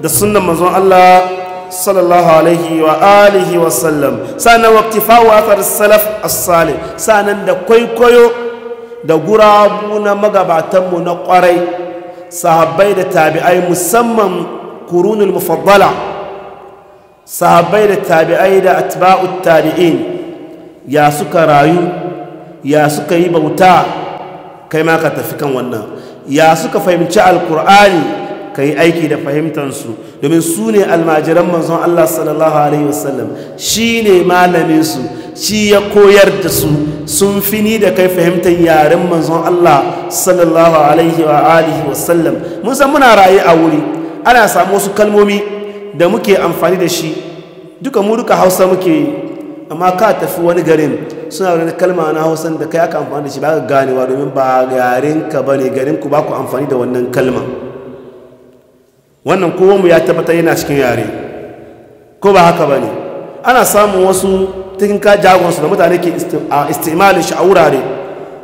da sunan manzon Allah sallallahu alaihi wa alihi wa sallam sanan waqtifa salaf as sanan da kwaikwayo da gurabu na magabatanmu na kwarai sahabbai da tabi'ai musamman kurunul mufaddala sahabbai da tabi'ai da atba'ut tabi'in ya suka rayu ya suka yi bauta kai ma ka tafi kan wannan ya suka fahimci alkur'ani ka yi aiki da fahimtansu domin su ne almajiran manzon Allah sallallahu alaihi wasallam shi ne malaminsu shi ya koyar da su sun fi ni da kai fahimtar yaren manzon Allah sallallahu alaihi wasallam mun san muna raye a wuri ana samu wasu kalmomi da muke amfani da shi duka mu duka hausa muke amma ka tafi wani garin suna wani kalma na hausan da kai aka amfani da shi ba ganewa domin ba yarinka ba ne garinku ba ku amfani da wannan kalma wannan kowanmu ya tabbatar yana cikin yare ko ba haka ba ne ana samun wasu cikin ka jagonsu da mutane ke istimalin shi a wurare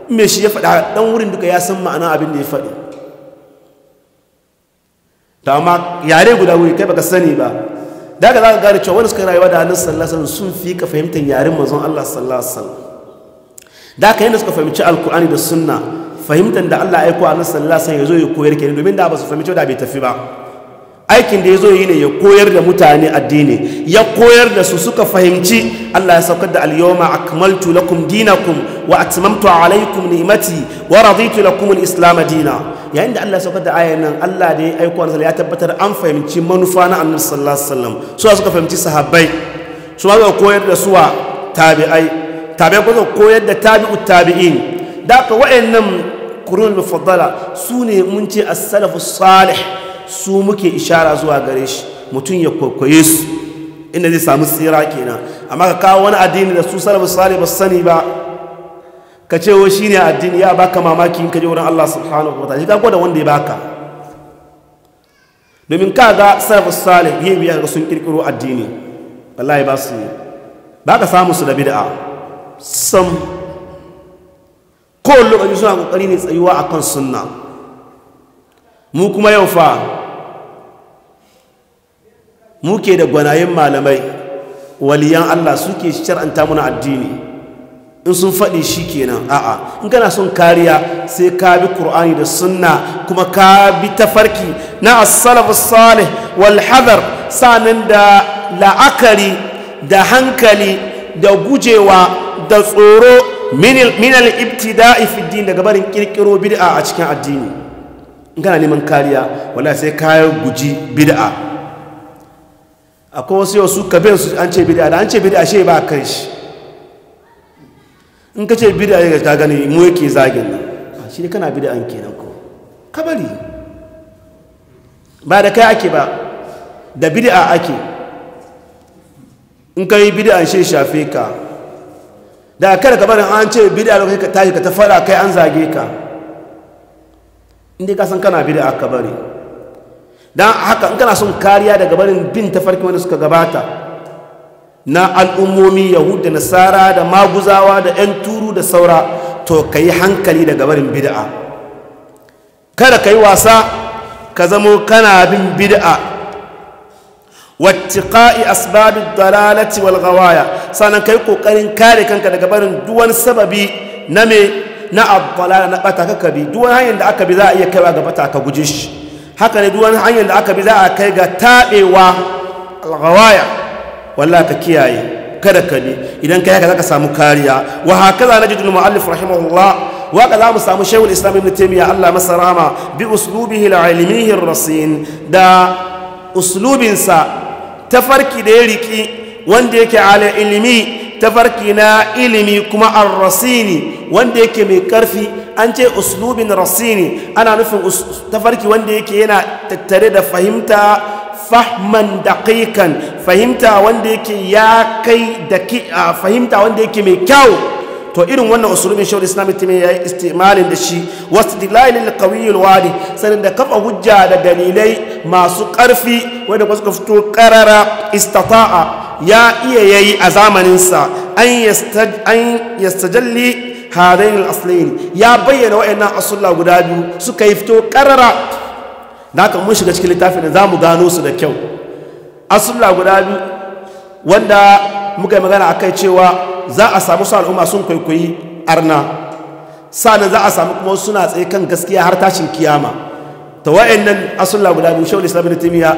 mai shi ya faɗa ɗan wurin duka ya san ma'ana abin da ya faɗi ta amma yare guda wuri kai baka sani ba da ka za ka gane cewa wanda suka rayuwa da hannun sallasan sun fi ka fahimtar yaren manzon Allah sallallahu alaihi da ka yanda suka fahimci alkur'ani da sunna fahimtar da Allah ya aiko a nan sallallahu ya zo ya koyar ke domin da ba su fahimci da bai tafi ba aikin da ya zo yi ne ya koyar da mutane addini ya koyar da su suka fahimci Allah ya saukar da al-yawma akmaltu lakum dinakum wa atmamtu alaykum ni'mati wa raditu lakum islam dina yayin da Allah ya saukar da ayan nan Allah da ya aiko annabi ya tabbatar an fahimci manufa na annabi sallallahu alaihi wasallam su suka fahimci sahabbai su suka koyar da wa tabi'ai tabi'ai ko koyar da tabi'ut tabi'in da ka wa'annan kurun mufaddala sune mun ce as-salafus salih su muke ishara zuwa gare shi mutum ya kwaikwaye su inda zai samu tsira kenan amma ka kawo wani addini da su salabu salih ba sani ba ka ce wa shi ne addini ya baka mamaki in ka wurin Allah subhanahu wa ta'ala shi ka gwada wanda ya baka domin ka ga salafu salih yin biya ga sun kirkiro addini wallahi ba su ba ka samu su da da'a. sam kowane lokaci suna kokari ne tsayuwa akan sunna mu kuma yau fa mu ke da gwanayen malamai waliyan Allah suke shar'anta muna addini in sun faɗi shi kenan a'a in kana son kariya sai ka bi ƙur'ani da sunna kuma ka bi tafarki na asalafu salih wal hadar da la'akari da hankali da gujewa da tsoro minal ibti ibtidai fi din daga barin kirkiro bid'a a cikin addini gana kana neman kariya wala sai kayan guji bid'a akwai wasu yau su kabin su an ce bid'a da an ce bid'a shi ba a kan shi in ka ce bid'a ya ta gani mu yake zagin nan shi ne kana ke kenan ko kabari ba da kai ake ba da bid'a ake in ka yi bid'an shi shafe ka da kada ka barin an ce bid'a lokacin ka tashi ka ta fara kai an zage ka inda ka san kana bida aka bari don haka in kana son kariya daga barin bin ta farki wanda suka gabata na al'ummomi yahud da nasara da maguzawa da 'yan turu da saura to ka yi hankali daga barin bida kada ka yi wasa ka zamo kana bin bida'a ka'i asbabi dalalati wal sannan sanan yi kokarin kare kanka daga barin duwan sababi na me na abdala na bata bi duwan hanyar da aka bi za a iya kaiwa ga bata ka guje shi haka ne duwan hanyar da aka bi za a kai ga taɓewa alghawaya wallahi ka kiyaye kada ka bi idan kai haka zaka samu kariya wa hakaza najidul muallif rahimahullah wa ka za mu samu shaykhul islam ibn taymiya Allah masa rahama bi uslubihi al ar-rasin da uslubinsa tafarki da ya riki wanda yake ala ilimi tafarki na ilimi kuma ar-rasini wanda yake mai karfi an ce uslubin rasini ana nufin tafarki wanda yake yana tattare da fahimta fahman daqiqan fahimta wanda yake ya kai da fahimta wanda yake mai kyau to irin wannan usulubin shawar islami timi ya yi istimalin da shi wasu dilalin kawiyul wani, sanin da kafa hujja da dalilai masu ƙarfi, wadda kuma suka fito karara istata'a ya iya yayi a zamaninsa an yi stajalli al-aslain ya bayyana wa'ina asula guda biyu suka yi fito ƙarara. da aka mun shiga cikin littafin da za mu gano su da kyau asula guda biyu wanda muka yi magana akai cewa za a samu su al'umma sun kwaikwayi arna sa'annan za a samu kuma suna tsaye kan gaskiya har tashin kiyama ta nan asulla guda biyu shawar islam ibn timiya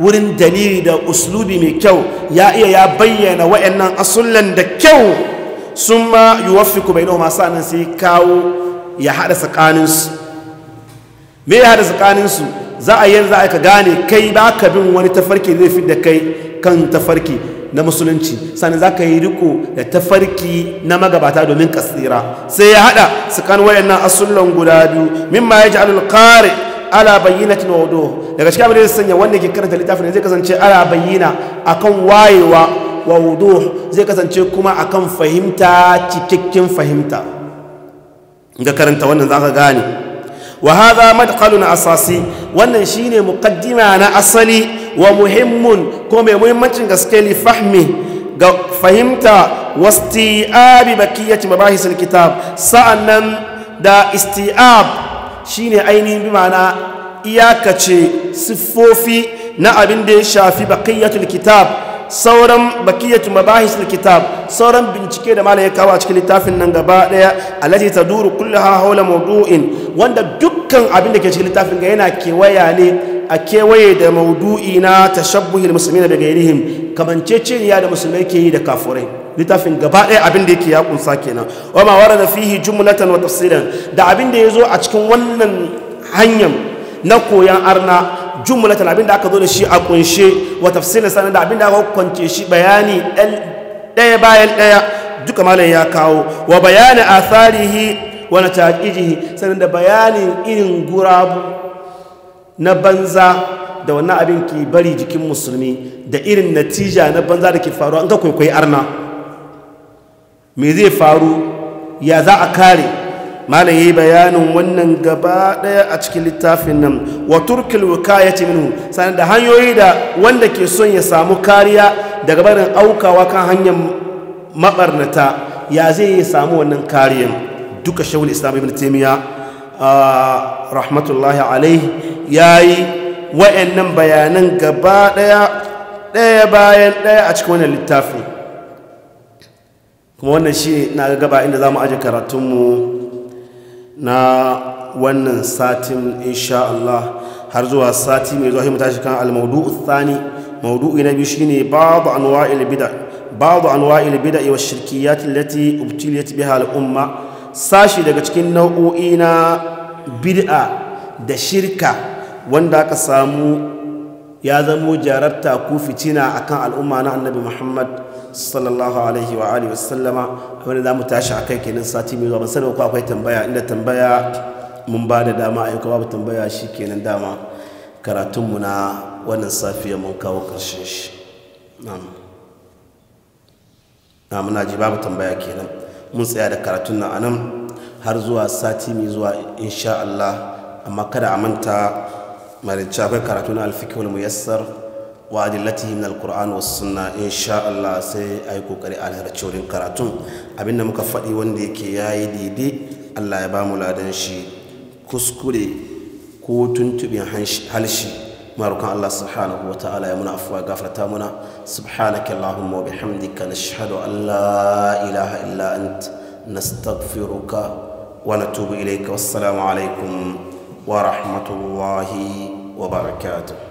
wurin dalili da uslubi mai kyau ya iya ya bayyana wa'annan asullan da kyau sun ma yuwaffiqu bainahuma sa'annan sai kawo ya hada tsakaninsu me ya hada tsakaninsu za a yi yanzu aka gane kai ba ka bin wani tafarki zai fi da kai kan tafarki na musulunci sani za ka yi riko da tafarki na magabata domin kasira sai ya hada su kan wayannan asullan guda biyu mimma ya ji alulkari ala bayyana tun wado daga cikin abin da sanya wanda ke karanta littafin zai kasance ala bayyana akan wayewa wa zai kasance kuma akan fahimta cikakken fahimta ga karanta wannan za ka gane wa hadha na asasi wannan shine mukaddima na asali wa muhimmun ko mai muhimmancin gaske li fahmi ga fahimta wasti'abi bakiyati mabahis kitab sa'annan da isti'ab shine ainihin bi ma'ana iyakace siffofi na abin da ya shafi bakiyyatul kitab sauran bakiyatu mabahis kitab sauran bincike da malaye ya kawo a cikin littafin nan gaba daya allati taduru kullaha hawla mawdu'in wanda dukkan abin da ke cikin littafin ga yana kewaya ne a kewaye da maudu'i na tashabbuhil muslimin da gairihim kamanceceniya da musulmai ke yi da kafurai littafin gaba ɗaya abin da yake ya kunsa kenan wa ma warada fihi jumlatan wa tafsilan da abin da ya zo a cikin wannan hanyar na koyan arna jumlatan da aka zo da shi a kunshe wa tafsilin sanar da abinda aka kwance shi bayani ɗaya bayan ɗaya duka malam ya kawo wa bayani a tsarihi wa na taƙijihi sanar da bayanin irin gurabu na banza da wannan abin ke bari jikin musulmi da irin natija na banza da ke faruwa an ka kwaikwayi arna me zai faru ya za a kare malam yi bayanin wannan gaba daya a cikin littafin nan wa turkil ce minhu sanar da hanyoyi da wanda ke son ya samu kariya daga barin aukawa kan hanyar mabarnata ya zai yi samu wannan kariyan duka shawul islam ibn a ah, rahmatullahi alaihi yayi wa'annan bayanan gaba daya daya bayan daya a cikin wannan littafin kuma wannan shi na gaba inda zamu aje karatunmu na wannan satin insha Allah har zuwa sati mai zuwa mu shi kan al-mawdu'u maudu na biyu shine babu anwa'il bid'a ba'd babu bid'a wa shirkiyat allati ubtiliyat biha hal umma sashi daga cikin nau'o'i na bid'a da shirka wanda aka samu ya zamo jarabta ko fitina akan al'umma na annabi Muhammad sallallahu alaihi wa alihi wasallama wanda za mu tashi a kai kenan sati mai zuwa ban sani ko akwai tambaya inda tambaya mun ba da dama a babu tambaya shi kenan dama karatunmu na wannan safiya mun kawo ƙarshen shi na muna ji babu tambaya kenan mun tsaya da karatun nan anan har zuwa sati mai zuwa insha Allah amma kada a manta akwai karatu na alfikul muyassar wa adillatihi min alquran was sunna insha Allah sai ai kokari a harcin karatun abinda muka faɗi wanda yake yayi daidai Allah ya bamu ladan shi kuskure ko tuntubin halshi marukan Allah subhanahu wata'ala ya muna afuwa gafarta muna subhanaka allahumma wa bihamdika nashhadu an la ilaha illa ant nastaghfiruka wa natubu ilayka wassalamu alaikum wa rahmatullahi wa barakatuh